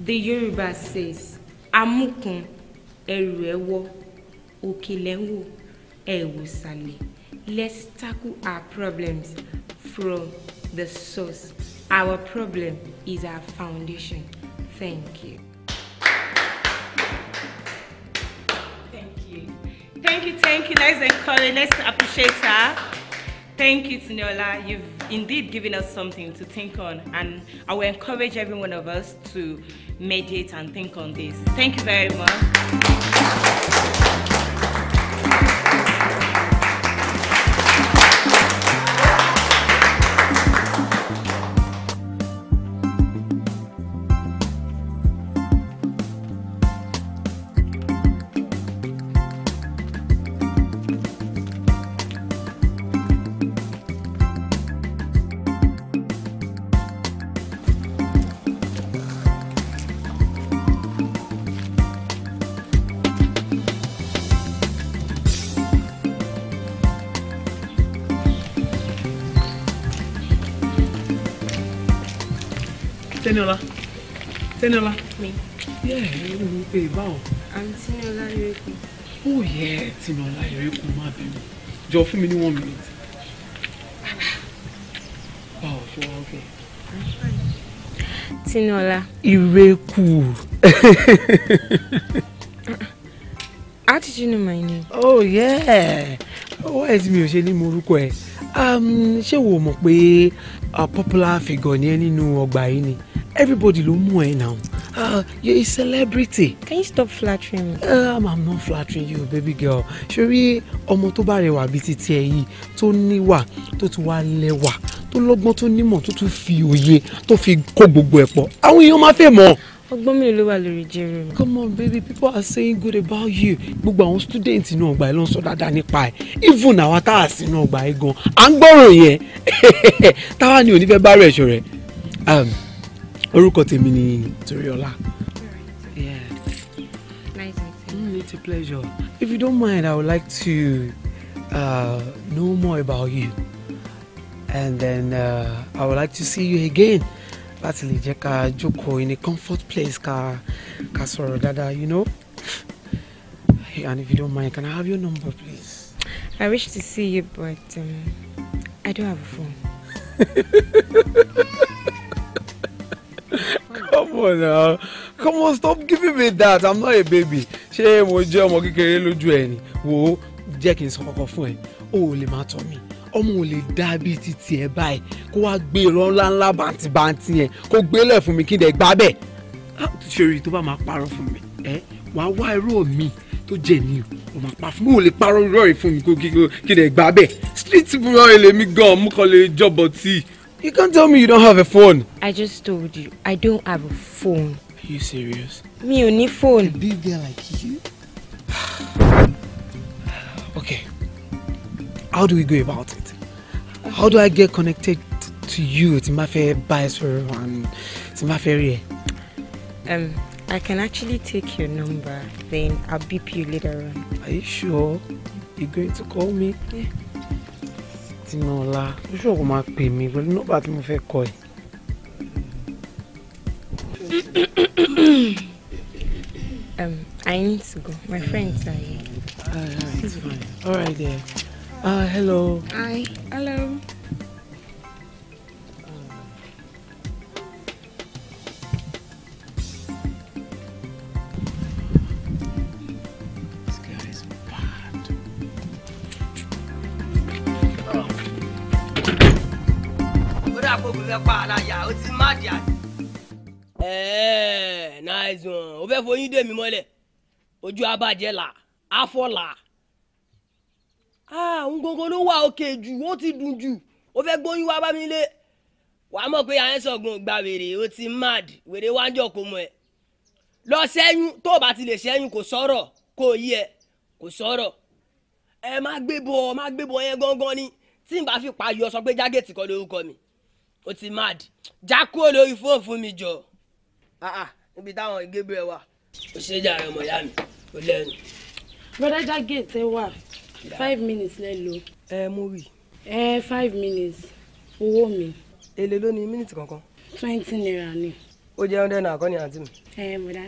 The Yoruba says, Amukun ẹrù ẹ wọ òkèlè ń wò Let's tackle our problems from the source. Our problem is our foundation. Thank you. Thank you. Let's encourage, let's appreciate her. Thank you, Tinola. You've indeed given us something to think on, and I will encourage every one of us to meditate and think on this. Thank you very much. Tinola, Tinola, me. Yeah, ló ń pè báwo. àmì Tẹ́niọlá yóò pè. ó yẹ Tẹ́niọlá yóò kó má bínú jọ fún mi ní one minute. báwo ṣe wá ọkẹ. Tẹ́niọlá. ìrẹ́kù. How did you know my name? Oh yeah. Why is me ò more ní Um, she Ṣé wo mọ̀ pé a uh, popular figure ni ẹ nínú ọgbà ni? everybody ló mú ẹ now ah you're a celebrity. can you stop flattering me. Um, i'm not flattering you baby girl ṣorí ọmọ tó bá rẹwà bíi titi ẹ yìí tó níwà tó tún wá lẹ́wà tó lọ́gbọ́n tó nímọ̀ tó tún fi òye tó fi kó gbogbo ẹ̀ pọ̀ àwọn èèyàn máa fẹ́ mọ̀ ọgbọ́n mi ló wà lórí jerry come on baby people are saying good about you gbogbo àwọn student inú ọgbà ẹ ló ń sọ dáadáa nípa ẹ even àwa tá a sí inú ọgbà ẹ gan à ń gbọ́ràn yẹn táwa ni ò ní fẹ́ bá rẹ̀ ṣọ̀rẹ́ um, orúkọ tèmi ni Toriola. Yeah. Nice meeting Mm, it's a pleasure. If you don't mind, I would like to uh, know more about you. And then uh, I would like to see you again. Láti lè Joko in a comfort place ka, ká sọ̀rọ̀ you know? and if you don't mind, can I have your number, please? I wish to see you, but um, I don't have a phone. come on now come on stop giving me that i'm not a baby ṣé mo jẹ́ ọmọ kékeré lójú ẹ̀ ni wò ó jẹ́ kí n sọ kọ́kọ́ fún ẹ o ò lè máa tọ́ mi ọmọ ò lè dá bíi titi ẹ báyìí kó wá gbé irọ́ ńláńlá bàǹtìbàǹtì yẹn kó gbélẹ̀ fún mi kí n dẹ̀ gbá bẹ́ẹ̀ ṣeré tó bá máa parọ́ fún mi ẹ wàá wá irọ́ mi tó jẹ ní o máa pa fún mi ò lè parọ́ irọ́ yìí fún mi kó kí n dẹ̀ gbá bẹ́ẹ̀ street fúnra ẹ̀ lèmi gan-an kàn lè jọ̀bọ̀ tíì. You can't tell me you don't have a phone. I just told you, I don't have a phone. Are you serious? Me ò ní phone. A big girl like you? okay. How do we go about it? How do I get connected to you tí n bá fẹ́ bá ẹ sọ̀rọ̀ and tí Um, I can actually take your number, then I'll beep you later on. Are you sure you're going to call me? Yeah. Fatima Ọlá ó ṣòro máa pè mí pẹ̀lú nọ́mbà tí mo fẹ́ kọ yìí. Um, I need to go. My friends are here. All right, fine. All there. Uh, hello. Hi. Hello. àìsàn ó fẹ́ foyín dèmí mọ́lẹ̀ ojú abàjẹ́ là afọ́ là àwọn ah, gbogbo ló wà òkè jù ó ti dùn jù ó fẹ́ gbóyún wá bá mi lé wàá mọ̀ pé àyẹ̀sọ̀gbọ̀n gba wèrè ó ti mad wèrè wájọ kò mọ̀ ẹ́ lọ sẹ́yún tó o bá ti lè sẹ́yún kò sọ̀rọ̀ kò yí ẹ kò sọ̀rọ̀ ẹ má gbé bọ̀ má gbé bọ̀ yẹn gangan ni tí n bá fi payọ sọ pé jágẹ̀tì kọ́ lórúkọ mi ó ti mad já lórí fóònù fún mi jọ. ah. ah níbi táwọn Gabriel wà. o ṣe jàre ọmọ ìyá mi o lẹ́nu. brother jage tẹ wà five minutes lẹ́lò. ẹ mo wì. ẹ five minutes owó mi. èlé ló ní mínítì kankan. twenty naira ni. ó jẹ́ hundred naira kọ́ ni àǹtí mi. ẹ mo dá.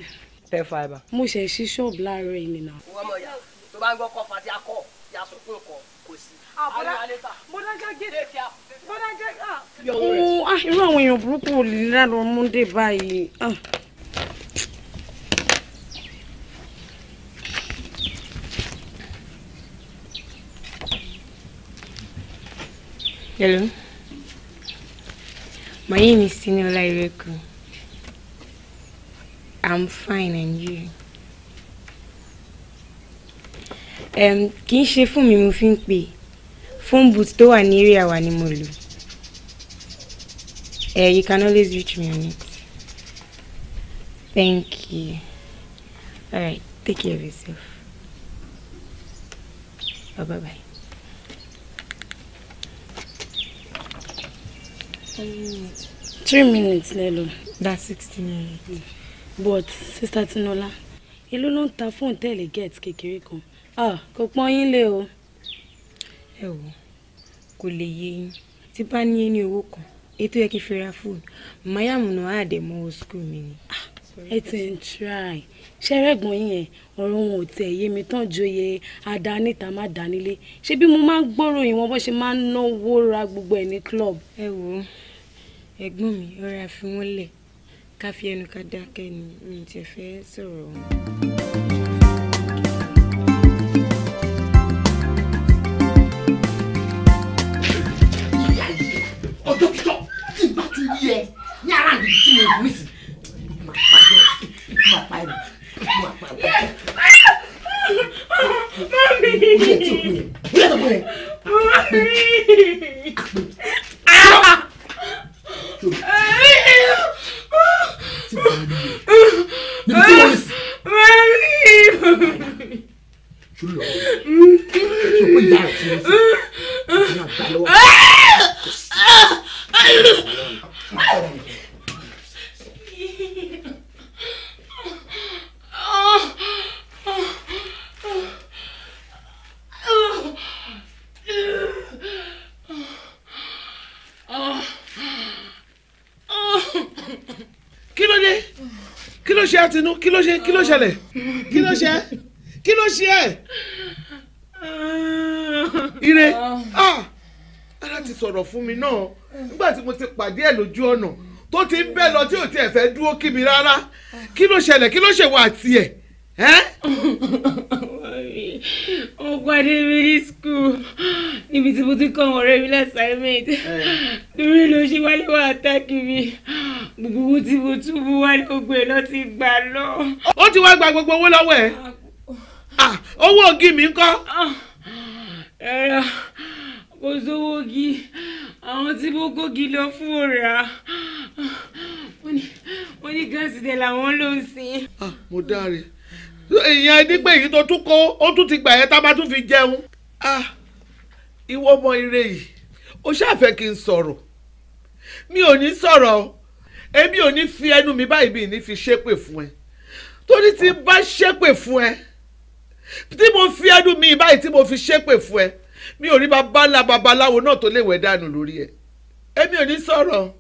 ten five. mo ṣe ṣí ṣọ́ọ̀bù láàárọ̀ yìí nìyẹn. wọ́n mọ̀ ya tó bá ń gbọ́ kọ́ fati akọ́ ya fún ọkọ̀ kò sí. bọ́dá jage bọ́dá jage. irú àwọn èèyàn burúkú ò lè lánàá múndé báyìí. Ah. Hello. My name is Sinola Ireku. I'm fine and you? Um, kì í ṣe fún mi mo fi ń pè phone booth tó wà ní area wa ni mo lò. Uh, you can always reach me on it. Thank you. All right, take care of yourself. Bye, bye bye. three minutes lẹ́lọ. that's sixty minutes. but sister Tinola ìlú ló ń ta fóònù tẹ́lẹ̀ get kékeré kan ah kò pọ́n yín lé o. ẹ wo kò lè yé yín tí bá ní ní owó kan ètò yẹ kí n fi ra fóònù mayam school mi ni. Ah, ẹ ti ń try ṣẹ́rẹ́gbọ̀n yín yẹn ọ̀rọ̀ wọn ò tẹ̀ yé mi tán joyè adáníta má dánilé ṣebí mo máa ń gbọ́ròyìn wọn bó ṣe máa ń náwó ra gbogbo ẹ̀ ní club. ẹ wo ẹ̀gbọ́n mi ọ̀rẹ́ àfi wọ́n lẹ̀ ká fi ẹnu ká dákẹ́ ni mi ò tiẹ̀ fẹ́ sọ̀rọ̀ wọn. ọjọ́ kíjọ́ tí n bá tún yí ẹ ní ara mi tí mo mí sí máa mami. mami. ṣẹlẹ̀ kí ló ṣe kí ló ṣe ire ah. Ah, ara ti sọ̀rọ̀ fún mi náà nígbà tí mo ti pàdé ẹ̀ lójú ọ̀nà tó ti ń bẹ́ lọ tí ò tiẹ̀ fẹ́ dúró kí mi rárá kí ló ṣẹlẹ̀ kí ló ṣèwà àti ẹ̀ ẹ́ mo pàdé mi ní school níbi tí mo ti kọ́ àwọn ọ̀rẹ́ mi lásàmẹ́t torí ló ṣe wálé wà àtàkì mi gbogbo owó tí mo tún mú wálé gbogbo ẹ̀ náà ti gbà lọ. ó ti wá gba gbogbo owó lọ́wọ́ ẹ̀ owó ògì mi ń kọ́. ẹ̀rọ kò sówó ògì àwọn tí mo kógi lọ fún òòrà wọ́n ní gáàsì tẹ̀ làwọn ló ń sin. mo dáre ìyẹn ẹni pé èyí tó tún kó ó tún ti gbà yẹn tá a bá tún fi jẹun. ah ìwọ ọmọ ire yìí ó ṣàfẹ́ kí n sọ̀rọ̀ mi ò ní sọ̀rọ̀ o èmi ò ní fi ẹnu mi báyìí mi ní fi ṣépè fún ẹ torí tí n bá ṣépè fún ẹ tí mo fi ẹnu mi báyìí tí mo fi ṣépè fún ẹ mi ò rí babalá babaláwo náà tó lè wẹ̀ dànù lórí ẹ èmi ò ní sọ̀rọ̀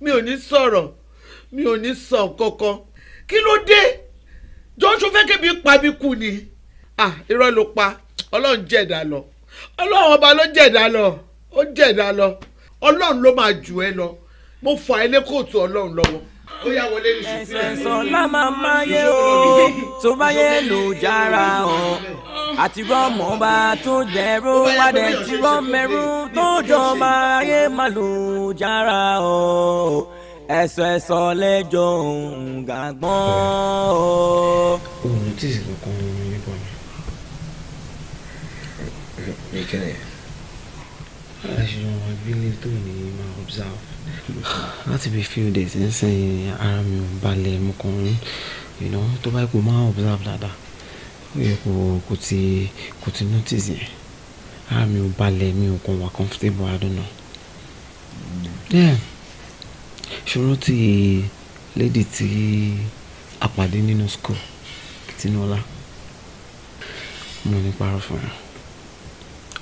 mi ò ní sọ̀rọ̀ mi ò ní sọ kankan kí ló dé Joshua fẹ́ kébi pa mí kú ni irọ́ ló pa ọlọ́run jẹ̀dá lọ ọlọ́run ọba ló jẹ̀dá lọ ó jẹ̀dá lọ ọlọ́run ló máa jù ẹ lọ mo fà ẹ lé kóòtù ọlọ́run lọ́wọ́. ó yà wọlé ní ṣùgbọ́n. ẹ̀sẹ̀ sàn lámà máa yé o tó bá yẹ lò jára o àti rọ́mọba tó dẹ̀rú padà tí rọ́mẹrú tó jọ máa yé màlúù jára o ẹ̀sọ́ ẹ̀sọ́ lẹ́jọ́ òun gàgbọ́n o. òun tí ìsìnkú kan ń rìn níbọn ni. ìkẹlẹ aláṣẹjọ wọn abílẹ̀ tó ní máa observe láti bí few days ń sẹ́yìn ara mi ò balẹ̀ mo kàn ń tó báyìí kò máa observe dáadáa ó yẹ kó kó ti kó ti notice yẹn ara mi ò balẹ̀ mi ò kàn wà comfortable I don't know. Hmm. Yeah ṣòro ti lady tí a pàdé nínú school Tinúọlá mo ní parọ́ fún ẹ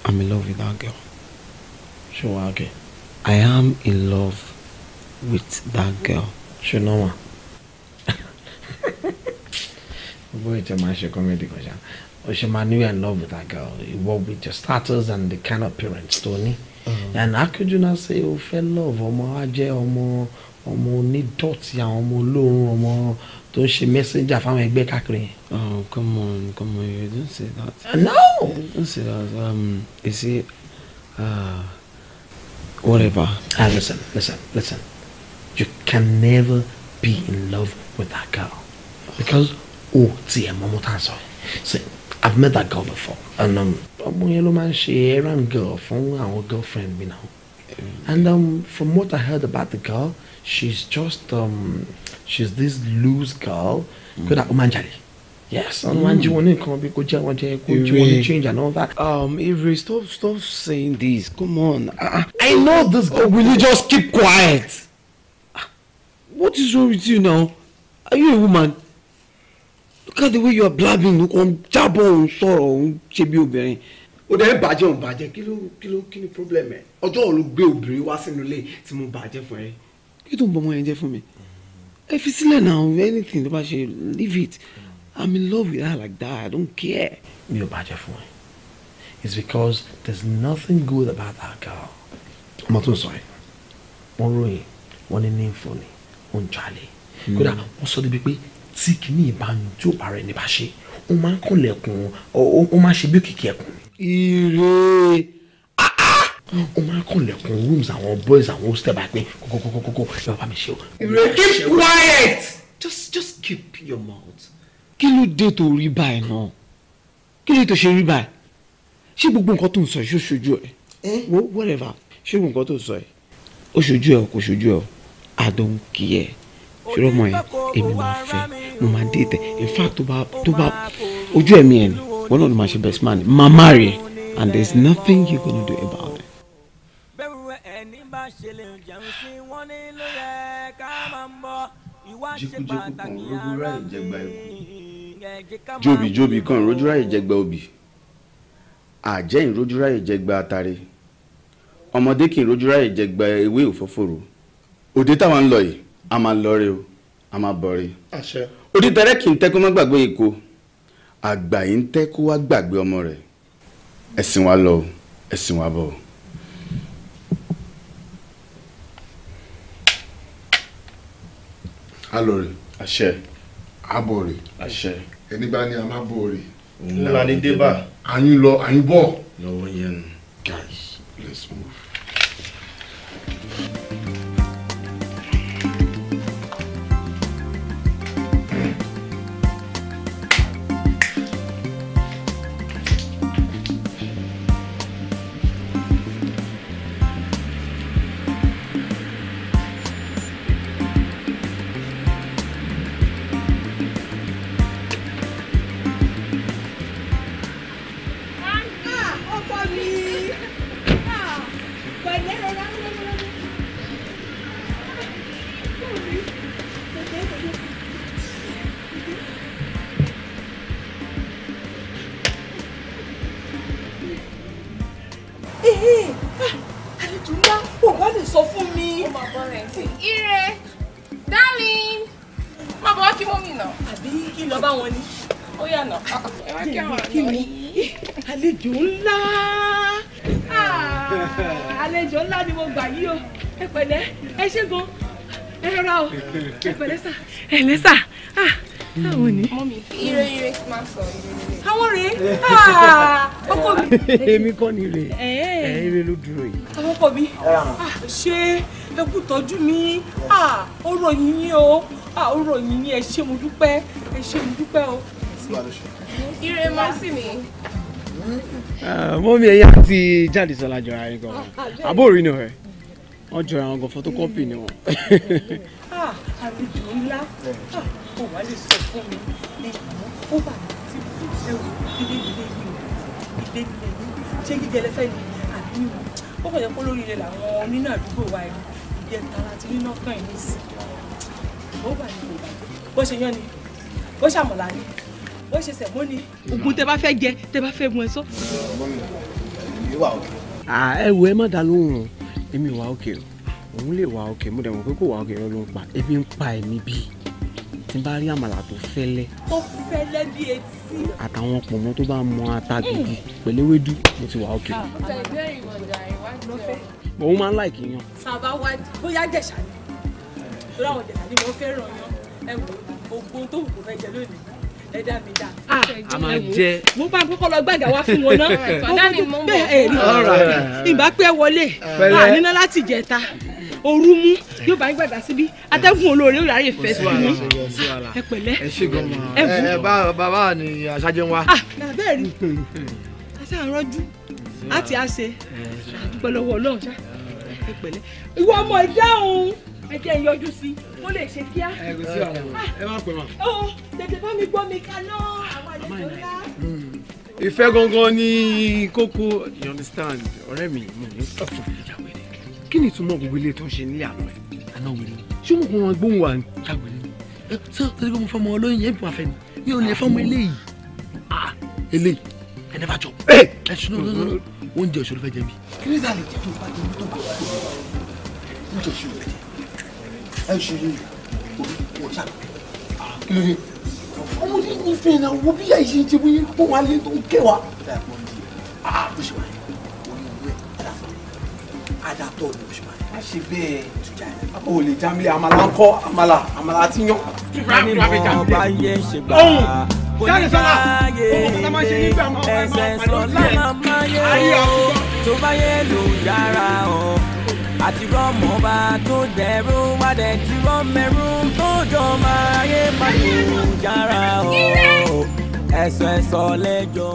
I'm in love with that girl. ṣé wàá gẹ. I am in love with that girl. ṣé náà wà. gbogbo ètò máa ṣe comedy kan ṣá o ṣe máa knew you in love with that girl ìwọ with your status and the kind of parents tó ní. Uh-huh. and how could not say o fẹ́ love ọmọ wa jẹ́ ọmọ ọmọ onídọ̀tí àwọn ọmọ olóòórùn ọmọ tó ń ṣe mẹ́sẹ́njà fáwọn ẹgbẹ́ káàkiri oh come on come on you don't say that. no. You don't say that um, you see uh, whatever. ah listen listen listen you can never be in love with that girl because o tiẹ̀ mọ́mọ́ tá a sọ see I've met that girl before and um, ọmọ yẹn ló máa ń ṣe errand girl fún àwọn girlfriend mi náà and um, from what I heard about the girl she's just um, she's this loose girl kódà ó máa yes àwọn máa ń jí wọn mm. ní nǹkan bí kò jẹ́ wọn jẹ́ change and all that. Um, Ire stop stop saying this come on uh, I know this girl. Oh, will you just keep quiet. Ah, what is wrong with you now? Are you a woman? Look at the way you are blabbing Look, kàn jábọ̀ òun sọ̀rọ̀ òun ṣe bí obìnrin ó dẹ̀ bàjẹ́ òun bàjẹ́ Kilo ló kí ló kí ni problem ẹ̀ ọjọ́ òun ló gbé obìnrin wá sínú ilé tí mo bàjẹ́ fún ẹ kí tó ń bọ ọmọ yẹn jẹ fún mi ẹ fi sílẹ̀ náà anything tó bá ṣe leave it i'm in love with her like that i don't care. mi ò bàjẹ́ fún ẹ it's because there's nothing good about that girl. ọmọ tó ń sọ ẹ wọ́n ròyìn wọ́n ní ní ìfọ ni ó ń jalè hmm. kódà wọ́n sọ débi pé tí kìíní ìbánu tí ó bá rẹ̀ ní bá ṣe ó máa ń kọlẹ̀kùn ó máa ṣe bí òkìkí ẹ̀kùn. ire ah ah o máa kàn lẹ̀kùn rooms àwọn boys àwọn hostel bá pé kókókókókó ẹ bá mi ṣe o. keep quiet. just just keep your mouth. kí ló dé tó rí báyìí náà kí ló dé tó ṣe rí báyìí ṣé gbogbo nǹkan tó ń sọ yìí ó ṣojú ẹ wo whatever ṣé gbogbo nǹkan tó ń sọ yìí ó ṣojú ẹ o kò ṣojú ẹ i don't care ṣòro mọ yẹn èmi máa fẹ́ mo máa dé tẹ in fact tó bá tó bá ojú ẹ̀mí ẹ̀ ni wọn náà ló máa ṣe best man máa marry and there is nothing you gonna do about ṣe lè jẹun sí wọn ní ló yẹ ká máa ń bọ ìwà ṣe pàtàkì ara mi. jóbi jóbi kan rojúráyè jẹgba obì àjẹyìn rojúráyè jẹgba atare ọmọdé kì í rojúráyè jẹgba ewé òfófòrò òde táwọn ń lọ yìí a máa lọ rí o a máa bọ rí. òde tẹrẹ kì í tẹkún má gbàgbé èkó àgbà yìí ń tẹ kó wá gbàgbé ọmọ rẹ̀ ẹ̀sìn wa lọ ẹ̀sìn wa bọ̀. alọ̀rẹ̀ àṣẹ abọ̀rẹ̀ àṣẹ ẹni bá ní a máa bọ̀ rẹ̀. ńlá ní débà. àyín lọ àyín bọ̀. lọ́wọ́ yẹn. guys let's move. ẹ lẹ́sà àwọn ni. ire ire ti máa sọ ire. àwọn rèé ah, ọkọ mi. èmi kọ́ ni rèé eh. eh, ire ló dúró yìí. àwọn ọkọ mi ah, ṣé ẹ kú tọ́jú mi ah, ó ròyìn yín o ó ròyìn yín ẹ ṣé mo dupe. ẹ ṣé mo dupe. o. ire máa sì ni mọ́mí ẹ̀yà àti jáde sọ́la jọra yín gan-an àbórí ni ọ̀rẹ́ wọ́n jọra wọn gan photocopy ni wọ́n kò wá lè sọ fún mi ẹ ó bà mí tí mo fi ṣe o ilé ilé yìí o ilé ilé yìí ṣé jíjẹ lẹfẹ ni àbí mi ó kàn jẹ pé lórí ilé làwọn onínà àdúgbò wa yìí ìjẹ tara ti nínà kàn yín sí ó bà mí kò bà mí bó ṣe yán ni bó ṣàmọ̀lá ni bó ṣe sẹ̀mó ni. oògùn tẹ bá fẹ́ jẹ tẹ bá fẹ́ mu ẹ sọ. ẹ wo ẹ má dá lóhùn èmi wà òkè òun lè wà òkè mo dẹ̀ mọ̀ pé kò wà òkè ló ń pa ebi ń pa ẹ̀mí bíi tí n bá rí àmàlà tó fẹ́lẹ́. tó fẹ́lẹ́ bí etí. àtàwọn pọ̀nmọ́ tó bá mọ ata gidi mm. pẹ̀lú mo ti wà ókè. òun ah, máa ń láìkì yan. sábà wá bóyá jẹ̀ṣà ni lórí àwọn jẹ̀ṣà ni mo fẹ́ràn yan ẹ̀wọ̀n ògbó tó wù kó fẹ́ jẹ lónìí ẹ̀dá mi dá. Ah, a máa jẹ. mo bá kọ́kọ́ lọ gbàgà wá fún wọn náà. bẹ́ẹ̀ ẹ̀rí ìbá pẹ́ wọlé àníná láti jẹta ooru mú yóò bá ń gbàdá síbí atẹ́gùn olóore yóò ráyè fẹ́ sí mi ẹ pẹ̀lẹ́ ẹ bú. ẹ bá bàbá ni aṣáájú wa. Ah, bẹ́ẹ̀ ni aṣáá rọ́jú àti àṣe àdúpẹ́ lọ́wọ́ ọlọ́run ṣá ẹ pẹ̀lẹ́ ìwọ ọmọ ìdáhùn ẹ jẹ́ ìyọjú sí ó lè ṣe kíá. ẹ kò sí àwọn ah, ẹ má pè wọn. ó tètè bá mi gbọ́ mi kaná àwọn àlejò ńlá. Hmm. ìfẹ́ gangan ni kókó you understand ọ̀rẹ́ mi mo ní ọ̀fọ̀ ìjà kí ni ìtumọ̀ gbogbo ilé tó ń ṣe nílé àná ẹ̀ àná wèrè ṣé mo kàn wọn gbóhùn wa ṣàgbèrè ẹ ṣé torí pé mo fọmọ olóyìn yẹn bí wọn fẹ ni mi ò lè fọmọ eléyìí ah eléyìí ẹ nẹ́fà jọ ẹ ẹ ṣùnú lọ́nà oúnjẹ òṣèlú fẹ́ jẹ mí. kí ni ìdálẹ̀ tí tó bá jẹ tó bá jẹ oúnjẹ òṣèlú fẹ́ jẹ ẹ ṣe rí orí wọn ṣá kí ló dé ọmọdé nífẹ̀ẹ́ náà wo bí àìsè ti wí fún wa lé tó ń kẹwàá. má ṣe bẹ́ẹ̀ o lè jamile àmàlà ń kọ́ àmàlà àmàlà ti yan. ẹni mọ bá yẹ ń ṣe gbà kò ní bá yé ẹsẹ̀ sọ́lá máa yé o tó bá yé ló yára o àti rọ́mọba tó dẹ̀rù wá dẹ̀ ti rọ́mẹ̀rù tó jọ máa yé má ló yára o ẹsẹ̀ sọ́lẹ́jọ́.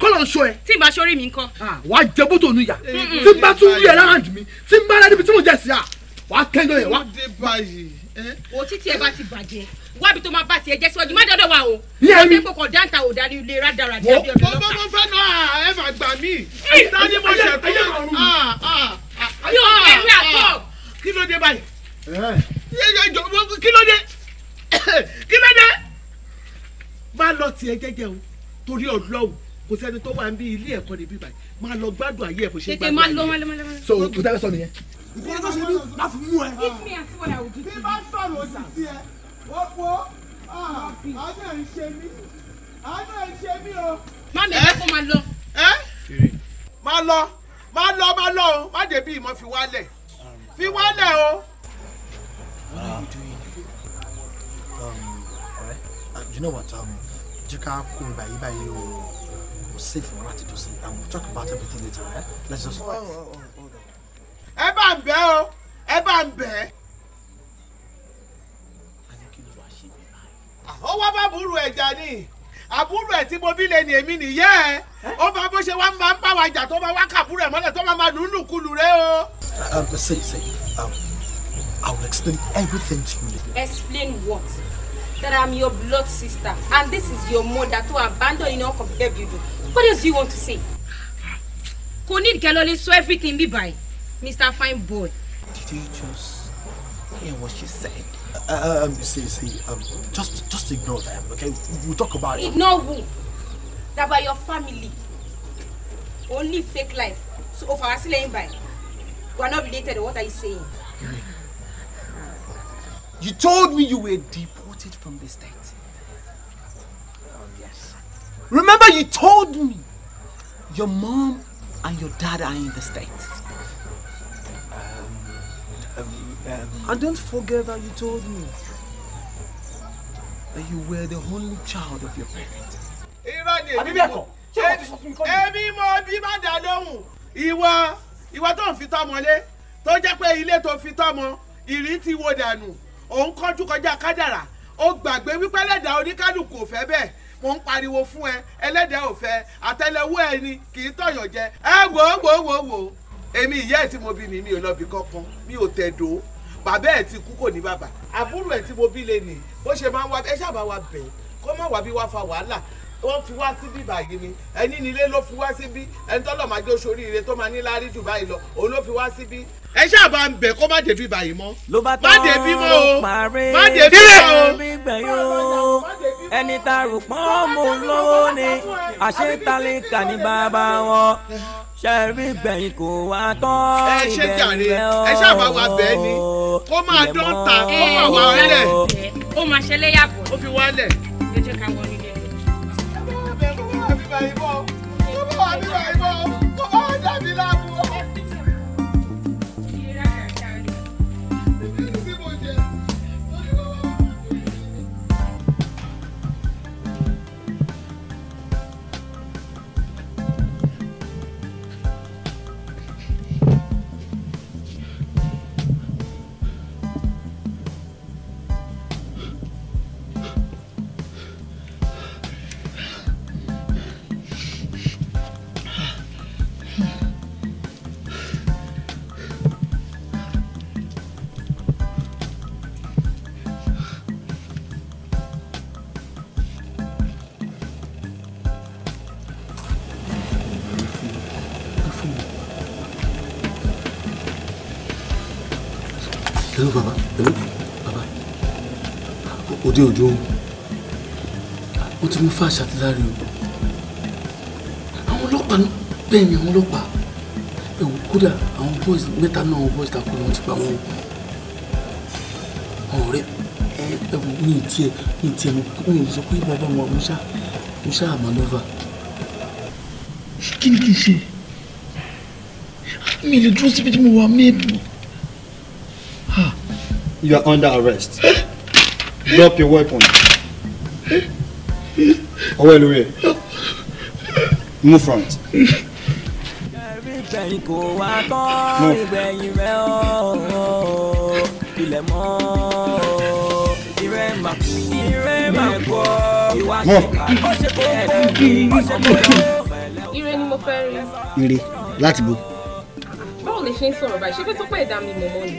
kọ́lọ̀ ń ṣọ́ ẹ. tí n bá sórí mi ńkọ́. Ah, wà á jẹ bótó nu yà tí n bá tún rí ẹ lára mi tí n bá rẹ níbi tí mo jẹ sí à ah, wà á kẹ́ńdọ̀ yẹn wá. òtítì ẹ bá ti bàjẹ́ wábi tó máa bá tiẹ̀ jẹ́ síwájú má dọ́dọ̀ wa o. ìyá mi kò kò dáńtà ò darí ilé rádaràdì àbí ọ̀dọ́ lọ́ta. mo mo fẹ́ náà ah, ẹ fà gbà mí. ìdájí mo ṣe pé yóò ẹ̀rí àtọ̀. kí ló dé báyìí. Eh. kí ló dé kí ló dé. má lọ tiẹ̀ jẹ́jẹ́ o torí ọlọ́wọ́ kò sẹ́ni tó wà ń ilé ẹ̀kọ́ níbí báyìí máa lọ gbádùn ayé ẹ̀ kò ṣe gbádùn ayé ẹ̀ so kò tẹ́lẹ̀ sọ nìyẹn. ìṣe tó ṣe ní bá mú ẹ. bí bá sọ̀rọ̀ òṣìṣẹ́ ẹ ó po ah, ń ṣe mí àánú ń ṣe mí o. má mi ẹ kó máa lọ. má lọ má lọ má lọ o má débi ìmọ̀ fi wálẹ̀ fi wálẹ̀ o. ọ̀rẹ́ um, um, uh, you know what Um, you kó come by by you safe for Rati to see and we'll talk about everything later. Eh? Let's just. Oh, oh, oh, hold on. Ẹ bá ń bẹ̀ ọ́, ẹ bá ń bẹ̀. Ó wá bá burú ẹja ni, àbúrò ẹ̀ tí mo bí lè ní èmi nìyẹ́ eh? Ó bá bó ṣe wá ń bá ń bá wa jà tó bá wá kàbúrò ẹ̀ mọ́lẹ̀ tó bá máa lùlù kulù rẹ o. Ṣé um, ṣe um, I will explain everything to you later. Explain what? That I'm your blood sister and this is your mother to abandon in all uncompleted building. What else do you want to say? Kò ní saw everything Be by, Mr. Fine Boy. Did you just hear what she said? um, see, see, um, just, just ignore them, okay? We'll talk about it. Ignore who? That by your family. Only fake life. So, of fara sílẹ̀ by, We are not related. What are you saying? You told me you were deported from the state. Remember you told me your mom and your dad are in the States. Um, um, and don't forget that you told me that you were the only child of your parents. Èmi tó ń fi tọ́mọ lé tó jẹ́ pé ilé tó fi tọ́mọ ìrí ti wo dànù. Òun kọjú kọjá kádàrà. Ó gbàgbé wípé lẹ́dàá oníkálùkù kò fẹ́ bẹ́ẹ̀ mò ń pariwo fún ẹ ẹlẹ́dẹ̀ ò fẹ́ àtẹ́lẹwọ́ ẹ ni kì í tọ̀yàn jẹ ẹ wò ó wò ó wò ó wò ó èmi ìyá ẹ̀ tí mo bí ni mi ò lọ bí kankan mi ò tẹ̀dó bàbá ẹ̀ ti kú kò ní bàbá àbúrò ẹ̀ tí mo bí lè nì bó ṣe máa ń wá ẹ ṣáà bá wa bẹ̀ kó má wá bí wá fa wàhálà wọ́n fi wá síbí báyìí ni ẹni nílé ló fi wá síbí ẹni tọ́lọ̀ máa jẹ́ oṣù oríire tó máa ní láárí jù báyìí lọ òun ló fi wá síbí. ẹ ṣáà bá ń bẹ̀ kó má dé bí báyìí mọ́. ló bá tán ló parí má dé bí mọ́ o ẹni tá a rò pọ́n mú lọ́wọ́ ni àṣetálẹ́kà ní bàbá wọn ṣẹ́rí gbẹ̀yìn kò wá tán ìbẹ̀rù rẹ o ẹ ṣáà bá wa bẹ́ẹ̀ ni kó máa dán ta kó máa wá lẹ̀. ó máa ṣẹlẹ̀ yàgò ó fi wá lẹ̀. ló jẹ́ ká wọlé. Come on, come on, come on! ìbọn kó bá wà jáde láàbù. òde òjò ó ti mú fáṣà ti láre o àwọn ọlọ́pàá bẹ́ẹ̀ ni àwọn ọlọ́pàá ẹ̀wù kódà àwọn boys mẹ́ta náà àwọn boys takò ni ti pa wọn ọ̀rẹ́ ẹ̀wù ní ìtì ẹ̀ ní ìtì ẹ̀ mi ò sọ pé bàbá wọn musa musa amanova kí ni kí n ṣe mi lè dúró síbi tí mo wà mẹ́ẹ̀bù. you are under arrest. Drop your weapon. Ọwọ́ ìlú rẹ̀. Move front. Move. Move. wá tán ìgbẹ̀yìn rẹ̀ ọ̀ ilẹ̀ mọ́ ìrẹ́ mà kú ìrẹ́ mà kú ìwà ṣèkà ó ṣe kókó ó ṣe kókó. Ire ni mo fẹ́ rí. Ire láti bo. Báwo lè ṣe ń sọ̀rọ̀ báyìí? Ṣé fẹ́ tó pẹ́ ìdá mi mọ̀ mọ́ ni?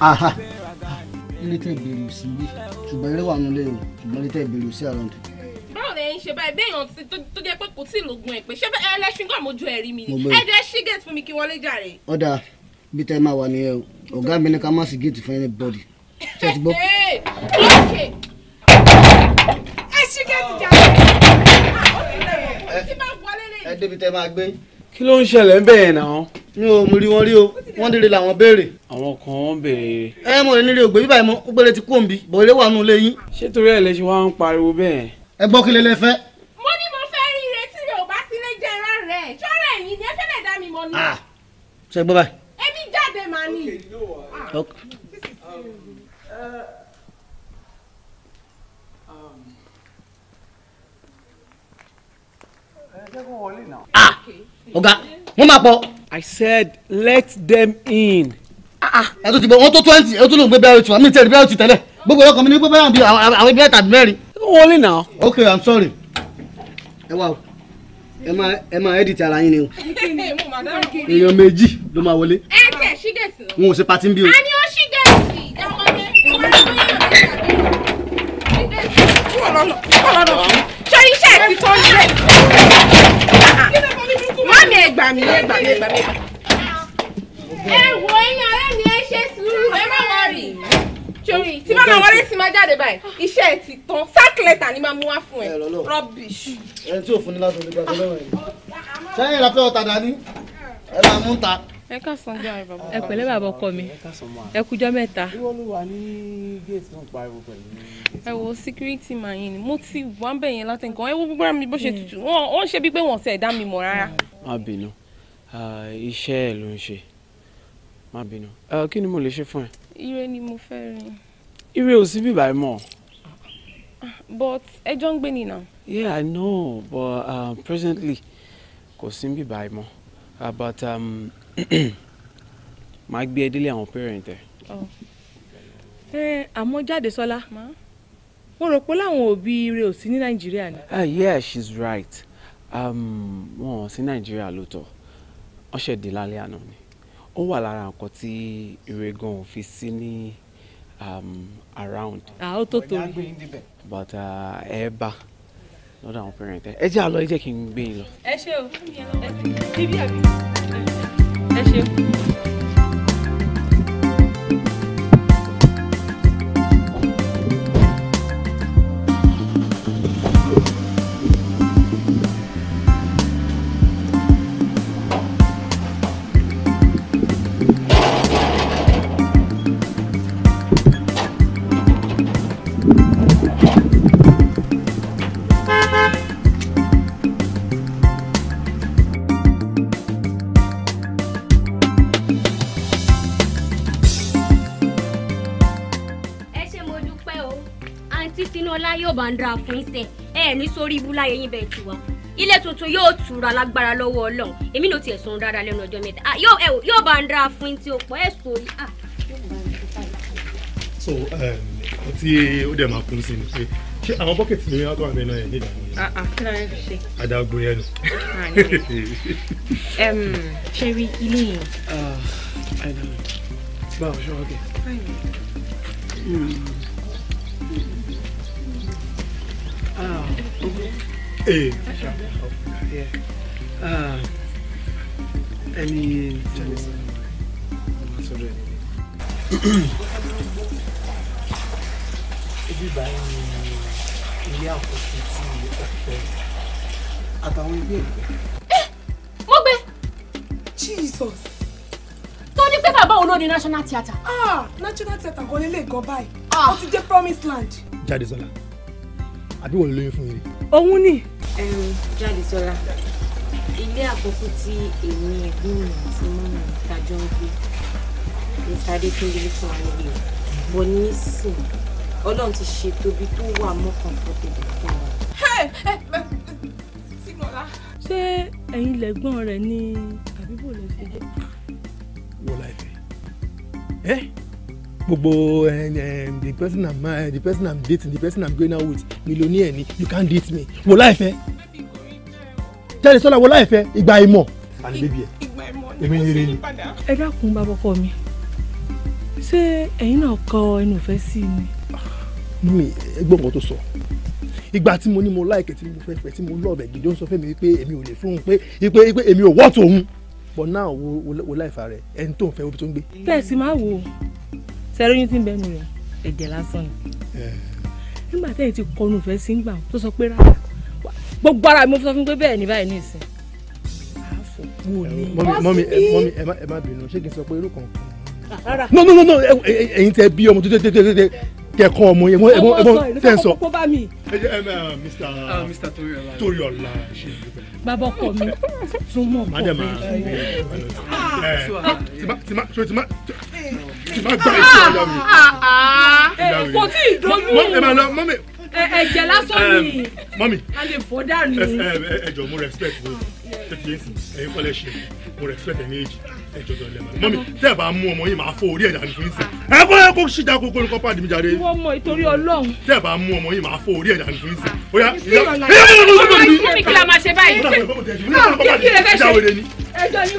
aha ilé tẹ bèrè òsì bí ṣùgbọ́n eré wà nílé o ṣùgbọ́n ilé tẹ bèrè òsì àrùn tó. báwo lè ń ṣe báyìí béèyàn ti tó jẹ pé kò tí ì lògùn ẹ pé ṣé ẹlẹ́sìn kan mojú ẹ̀rí mi ni ẹ jẹ́ ṣí gate fún mi kí wọ́n lè jàre. ó dáa bí tẹ máa wà nìyẹn o ọ̀gá mi ní ká má sí gate fún anybody ṣe ti gbọ́. ẹ ṣí gate jàre. Ah, ẹ débi tẹ máa gbé kí ló ń ṣẹlẹ̀ bẹ́ẹ̀ náà. mi ò mú rí wọn rí o wọn dèrè làwọn béèrè. àwọn kan wọn béèrè. ẹ mọ̀ ní rí ògbé bíbáyìí mọ́ ó gbére ti kú òǹbí bọ̀ ilé wà nù lé ṣé torí ẹ̀ lẹ ṣe wá ń pariwo bẹ́ẹ̀. ẹ gbọ́ kí lélẹ̀ fẹ́. mo ní mo fẹ́ rí ìrètí rẹ̀ ò bá sí lé jẹ́ ẹran rẹ̀ ṣọ́ra ẹ̀yìn ni ẹ fẹ́ dá mi mọ́ ni. Ah, ṣe gbọ́ báyìí. èmi jáde um, ah ọ̀gá wọ́n máa pọ̀. I said let them in. Ah, ah, ẹ tó ti bọ wọn tó twenty ẹ tó lóun gbé bẹ́ẹ̀ tù àmì tẹ̀lé bẹ́ẹ̀ tù tẹ́lẹ̀ gbogbo ọkàn mi ní gbogbo àwọn àwọn ibi ẹ̀ta mẹ́rin. wọ́n lè nà. okay i'm sorry. ẹ wá o ẹ máa ẹ máa edit ara yín ni o. èèyàn méjì ló máa wọlé. ẹ tẹ̀ ṣí gẹ̀ẹ́sì. wọn ò ṣe patí ń bí o. a ní ó ṣí gẹ̀ẹ́sì ìjà ọmọdé hundred ti tó hundred. mọ́mí ẹ gbà mí ẹ gbà mí ẹ gbà mí. ẹ wo ẹ̀yin ọ̀rẹ́ mi ẹ ṣe sùúrù ẹ má wọrí. sori tí màmá wọlé sí máa jáde báyìí iṣẹ́ ẹ ti tán sack letter ni máa mú wá fún ẹ rubbish. ẹni tí ò fún ni láti ọdún gbàgbọ́ lẹ́wọ̀n yìí sẹ́yìn ìrapẹ́ ọ̀tá dání ẹ̀ là mú ta ẹ ká san jàre bàbá. ẹ pẹ̀lẹ́ bàbá ọkọ mi ẹ kújọ́ mẹ́ta. ìwọ ló wà ní gate tó ń pariwo pẹ̀lú. ẹ wo security man yìí ni mo ti wà ń bẹ̀ yẹn láti nǹkan ẹ wo gbogbo mi bó ṣe hmm. tutù wọn ò ń ṣe bíi pé wọn ò sẹ̀ dá mi mọ̀ rárá. má bínú iṣẹ́ ẹ ló ń ṣe má bínú kí ni mo lè ṣe fún ẹ. ire ni mo fẹ́ rin. ire ò sí bíbá ẹ mọ́. but ẹjọ́ ń gbé ni now. yeah i know but um, presently kò sí bíbá ẹ mọ́ uh, but um, máa gbé ẹ délé àwọn parent ẹ. ẹ oh. àmọ́ jáde sọ́lá mo rò pé láwọn òbí rẹ̀ ò sí ní nàìjíríà ni. Ah, yeah she's right um, wọn ò sí nàìjíríà lóòótọ́ wọ́n ṣẹ̀ dé lálẹ́ àná ni ó wà lára nǹkan tí ire gan fi sí ní um, around. àwọn ah, tó torí. but uh, ẹ bá lọ́dọ̀ àwọn parent ẹ jẹ́ àlọ́ ẹ jẹ́ kí n gbé yín lọ. ẹ ṣe o ibi àbí ẹ ṣeun. máa fún tẹ ẹ ní sórí ibú láyé yín bẹ́ẹ̀ tiwa ilé tuntun yóò tura lágbára lọ́wọ́ Ọlọ́run èmi ló tiẹ̀ sọ̀rọ̀ dáadáa lẹ́nu ọjọ́ mẹ́ta ah, yóò bá ń fún tí o pọ̀ ẹ̀ sórí. Ah. so ọ um, tí ó dẹ̀ máa kún sí ni pé ṣé àwọn bọ́kẹ̀tì mi wọ́n tó wà nínú ẹ̀ nígbà yẹn. Ah, kí yẹn nù. ṣe rí ilé yẹn. báwo ṣe wá bẹ̀. Hey. Eh, yeah. Uh, any Chinese? Ibi báyìí ni ilé àkọsí tí ọ̀fẹ́ àtàwọn ilé ìgbẹ́. Eh, mo gbé Jesus tó ní pé bàbá òun ló ní National Theatre. Ah, National Theatre kò lè lè gan báyìí. Ah. Ó ti jẹ́ Promised Land. Jádesọ́lá, àbí wọ́n lóyún fún yín. Òun ni jáde sọ́la ilé àkọ́kọ́ tí èmi ẹ̀gbọ́n mi àti mọ́mọ́ mi tajọ ń gbé mr adékúnlé fún wa nílé o bọ̀ nísìn ọlọ́run ti ṣe tóbi tó wà mọ́ comfortable fún wa. ṣé ẹ̀yin lẹ̀gbọ́n rẹ̀ ni àbíbò lè ṣe jẹ́. wọ́n láì fẹ́ ẹ́ gbogbo eh, eh, the person i'm uh, the person i'm dating the person i'm going out with millionaire ni you can't date me wò láìfẹ́ jáde sọ́la wò láìfẹ́ ìgbà ìmọ̀ àní bébí ẹ̀ èmi ni rí ni. ẹ dákun bá bọ́kọ mi ṣé ẹ̀yin náà kọ ẹnu ìfẹ́ sí i ni. mímì ẹgbọ́n kan tó sọ ìgbà tí mo ní mo láìkẹ́ tí mo fẹ́ fẹ́ tí mo lọ́ọ̀bẹ̀ gidi ó ń sọ fẹ́mi pé èmi ò lè fún un pé pé èmi ò wọ́ọ̀tò òun but now wo láìfà rẹ̀ ẹni tó ń fẹ́ obi tó ń gbé. bẹ́ẹ̀ sì máa wò ó sẹ́rọ́yìn tí ń bẹ́nu rẹ̀ ẹ̀jẹ̀ lásán ni eh. nígbà tẹ́yìn ti kọnu ìfẹ́ sí gbà tó sọ pé rárá gbogbo ara mi sọ fún pé bẹ́ẹ̀ ni báyìí ní ìsìn eh, mọ́mí eh, mọ́mí ẹ má bínú ṣé kí n sọ pé irú kan. no no no ẹ̀yin tẹ bí ọmọ tó tẹ tẹ tẹ kẹkọ ọmọ yẹn oh, oh, ẹ mọ tẹ n sọ. Ah, Mr. Toriola ṣe ìlú bàbá ọkọ mi tún mọ ọkọ mi. madam tima tima tima gba iṣẹ́ ìyá mi. kò tí ì dojú. mọ ẹ mọ mi ẹ̀jẹ̀ lásán ni mọ́mí a lè fọ́ dànù. ẹ jọ mo respect o tẹ́tí yẹn sìn ẹ̀yin kọ́lẹ̀ ṣe mo respect ẹ̀yin èjì ẹ jọ jọ lẹ́mọ̀ mọ́mí tẹ́ ẹ bá mú ọmọ yìí máa fọ orí ẹ̀dà nìkan sìn ẹ kọ́ ẹ kó ṣíjà kókó ní kọ́pá àdìmí jáde. wọ́n mọ ìtorí ọlọ́run. tẹ́ ẹ bá mú ọmọ yìí máa fọ orí ẹ̀dà nìkan sìn. ọya ìyá ọmọ mi kí la máa ṣe báyìí.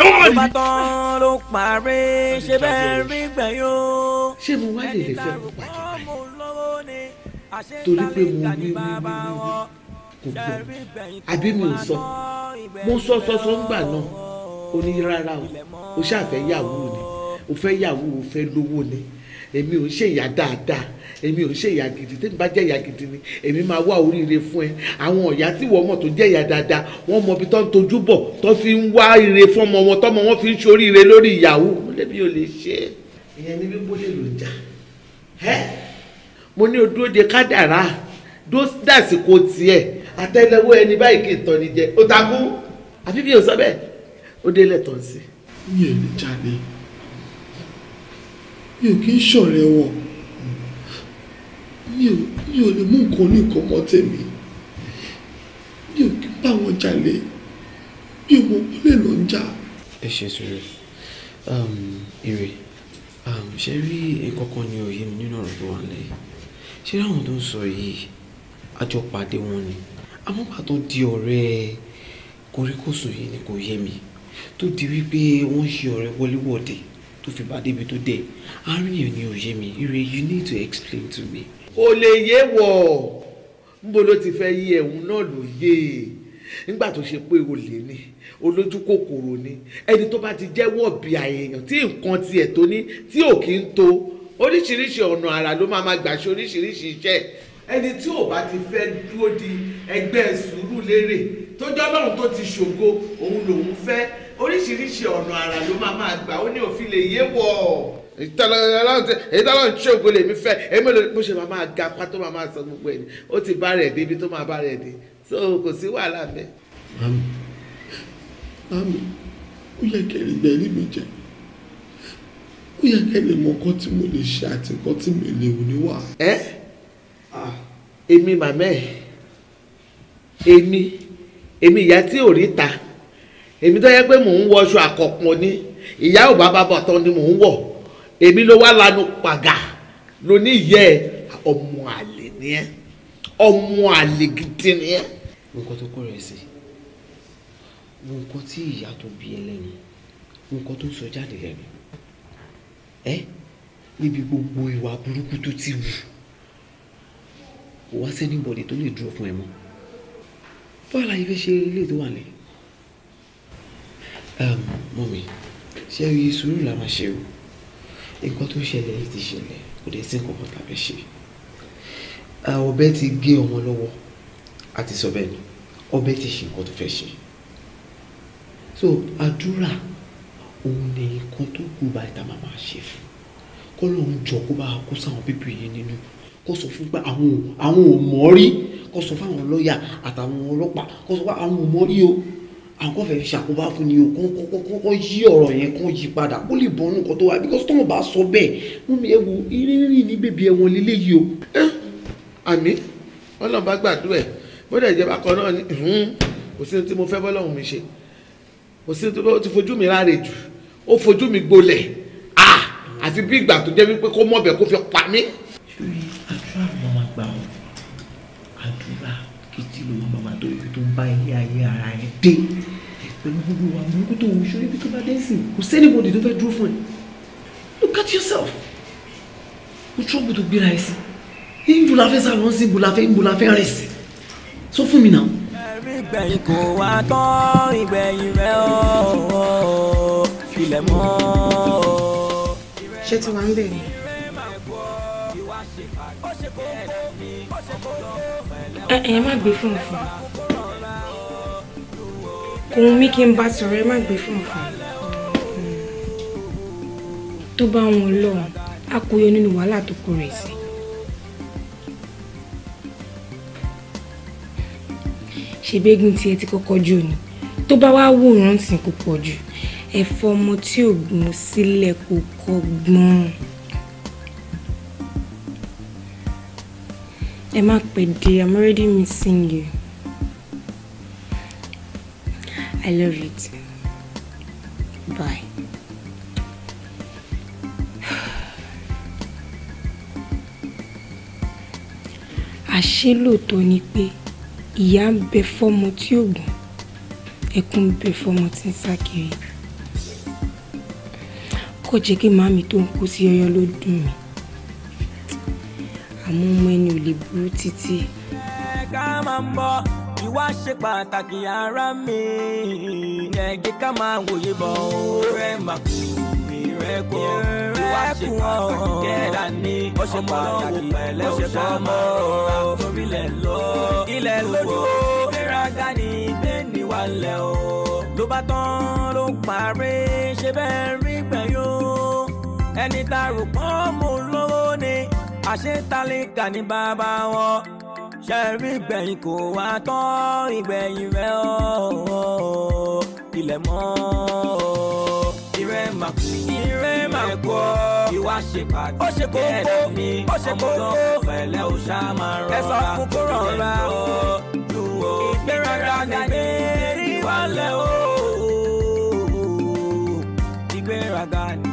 ló bá tán ló parí ṣe bẹ́ẹ̀ rí gbẹ̀yọ́. ṣé mo wá lè lè fẹ́ torí pé mo ní mímí kò gbọ́ àbí mi ò sọ mo sọ sọ sọ ńgbà náà ó ní rárá o ó ṣàfẹ́ yàwó ni ó fẹ́ yàwó ó fẹ́ lówó ni èmi ò ń ṣe ìyá dáadáa èmi ò ń ṣe ìyá gidi tẹ́mi bá jẹ́ ìyá gidi ni èmi máa wá oríire fún ẹ àwọn ọ̀yá tí wọ́n mọ̀ tó jẹ́ ìyá dáadáa wọ́n mọ ibi tó ń tojú bọ̀ tó fi ń wá ire fún ọmọ wọn tọ́mọ wọn fi ń ṣoríire lórí ìyàwó mọ̀lẹ́bí ò lè ṣe é ìyẹn ní bí bólè ló ń jà ẹ́ mo ní o dúró de kádàrá dó dàsìkò tiẹ̀ àtẹ́lẹwọ́ ẹni báyìí kì í tọ́ ni jẹ o takú àbí bí o sọ bẹ́ẹ̀ ó délẹ̀ tọ́ sí. mi ò ní jáde mi ò kí ń ṣọ̀rẹ́ wọn mi ò lè mú nǹkan ní nǹkan mọ́ tèmi mi ò kí ń bá wọn jalè mi ò mọ̀ bọ́lẹ̀ ló ń jà. ẹ ṣe sùúrù um, ire um, ṣe rí nǹkan kan ní òye mi nínú ọ̀rọ̀ tó wà nílẹ̀ ṣé ráwọn tó ń sọ yìí àjọ pàdé wọn ni àmọ́ gbà tó di ọ̀rẹ́ kòríkòsùn yìí ni kò yé mi tó di wípé wọ́n ṣe ọ̀rẹ́ wọléwọ̀de tó fi bá débi tó dé àárín yẹn ni ò yé mi ire you need to explain to me. o lè yé wọ̀ níbo ló ti fẹ́ yí ẹ̀hún náà ló yé nígbà tó ṣe pé olè ni olójú kòkòrò ni ẹni tó bá ti jẹ́wọ́ bí àyèyàn tí nǹkan tiẹ̀ tó ní tí ò kí ń tó oríṣiríṣi ọ̀nà àrà ló máa máa gbà ṣe oríṣiríṣi iṣẹ́ ẹni tí ò bá ti fẹ́ dúró di ẹgbẹ́ sùúrù lérè tó jẹ́ ọlọ́run tó ti ṣògo òun lòun fẹ́ oríṣiríṣi ọ̀nà àrà ló máa máa gbà ó ní òfin lè yé wọ̀ èyí tó lọ́n ṣe ògo lèmi fẹ́ èmi lè bó ṣe máa máa ga apá tó máa máa sọ gbogbo ẹ̀ ni ó ti bá rẹ̀ débi tó máa bá rẹ̀ dé so kò sí wàhálà bẹ́ẹ̀. mami mami ó yẹ kẹrin gbẹ ní mi jẹ ó yẹ kẹ́ lè mọ nǹkan tí mo lè ṣe àti nǹkan tí mi lè wò níwà. ẹ èmi màmá èmi èmi ìyá tí ò rí ta èmi tó yẹ pé mò ń wọṣọ àkọ̀pọ̀ ni ìyá ò bá bàbà tán ni mò ń wọ̀ èmi ló wá lanu pàgà ló ní ìyẹ́ ẹ ọmọ àlè ni ẹ ọmọ àlè gidi ni ẹ. nǹkan tó kọ̀ rẹ̀ sí nǹkan tí ìyá tó bí ẹ lẹ́yìn nǹkan tó ń sọ jáde lẹ́nu ẹ níbi gbogbo ìwà burúkú tó ti wù kò wá sẹ́nìbọ̀dì tó lè dúró fún ẹ mọ́ báwo la yìí fẹ́ ṣe ilé tó wà lẹ́yìn mọ́mi ṣé rí sùúrù la máa ṣe o nǹkan tó ṣẹlẹ̀ yìí ti ṣẹlẹ̀ kò dé sí nǹkan tàbí ṣe ọ̀bẹ ti gé ọmọ lọ́wọ́ àti sọ bẹ́ẹ̀ ni ọ̀bẹ ti ṣe nǹkan tó fẹ́ ṣe so àdúrà òun ni nǹkan tó kù báyìí tá a máa máa ṣe fún kó lóun jọ kó bá kó sáwọn pípì yìí nínú kó sọ fún pé àwọn àwọn ò mọ̀ rí kó sọ fáwọn lọ́ọ̀yà àtàwọn ọlọ́pàá kó sọ fún àwọn ò mọ̀ rí o àwọn kan fẹ́ẹ́ ṣàkóbá fún ni o kọ́kọ́ yí ọ̀rọ̀ yẹn kan yí padà kó lè bọ́nú nǹkan tó wà bí kọ́sítọ́mù bá sọ bẹ́ẹ̀ mú mi ẹ wo irin ní bèbí ẹ̀wọ̀n lélẹ́yìí o. àmì ọlọ́run bá gbàdúrà ẹ̀ bọ́dẹ̀ ìjẹba kan náà ní kò sí ohun tí mo fẹ́ bọ́lọ́run mi ṣe kò sí ohun tí mo ti fojú mi ráre jù ó fojú mi gbolẹ̀ ah àfi bí ìgbà tó jẹ́ wípé kó mọ̀bẹ̀ kó fi pa mí. sori àdúrà ló máa gbà ọ́ àdúrà kìtì ló máa bàbá tó ibi tó ń bá ilé ayé ara ẹ̀ dé pẹ̀lú gbogbo wa mú kó tó wù sórí ibi tó bá dé sí kò sẹ́ni bòdì tó fẹ́ dúró fún ẹ look at yourself kò trọ́bù tó gbéra ẹ sí ìbò la fẹ́ sàrán sí ìbò la fẹ́ ìbò la fẹ́ rìn sí sọ fún mi náà. ẹ̀rí ìgbẹ̀yìn kò wá tán ìgbẹ̀yìn rẹ̀ ọ̀ọ́ filẹ̀ mọ́. ṣé tí wàá ń bẹ̀ ni. ẹ ẹ má gbé fún fún òun mi kí n bá sọ̀rọ̀ ẹ má gbé fún fún hmm. tó bá wọn lọ a kò yọ nínú wàhálà tó kù rẹ̀ sí. ṣègbégun tiẹ̀ ti kọ́kọ́ jò ní tó bá wá wòran sí kò pọ̀ jù ẹ̀fọ́ ọmọ tí ò gbọ́n sílẹ̀ kò kọ́gbọ́n. ẹ má pẹ́ dé i'm already missing you i love you too bye. àṣé lóòótọ́ ni pé ìyà ń bẹ fọ́mọ tí ò gbọ́n ẹkún ń bẹ fọ́mọ tí ń sá kiri kò jẹ́ kí màmí tó ń kú sí ọyọ́ ló dùn mí àmọ́ ọmọ ẹni ò lè burú títí. ká máa ń bọ̀ ìwà ṣe pàtàkì ara mi ẹ̀ẹ́dẹ́ká máa wòye bọ̀ ọ̀rẹ́ màkú ìrẹ́kọ̀ ìwà ṣe pàtàkì kẹ́ẹ̀dá ní ọmọ pàtàkì pẹ̀lẹ́ ọ̀ṣọ́ mọ́ torí ilẹ̀ lọ. ilẹ̀ lójú ìgbéraga ní gbé níwá lẹ̀ o. ló bá tán ló ń parí ṣe bẹ́ẹ̀ rí gbẹ̀yó. ẹni tá a rò pọ́n mò lówó ni àṣetálẹ̀ kà ní bàbá wọn ṣẹ́rí gbẹ̀yìn kò wá tán ìgbẹ̀yìn rẹ̀ ọ́ ilẹ̀ mọ́ ìrẹ́ mà kú ìrẹ́ mà kú ìwà ṣe pàtó ó ṣe kókó ó ṣe kókó pẹ̀lẹ́ ó ṣá máa rọra ẹ sọ fún kó ìgbéraga nìgbé ìwálẹ̀ ó ìgbéraga nìgbé.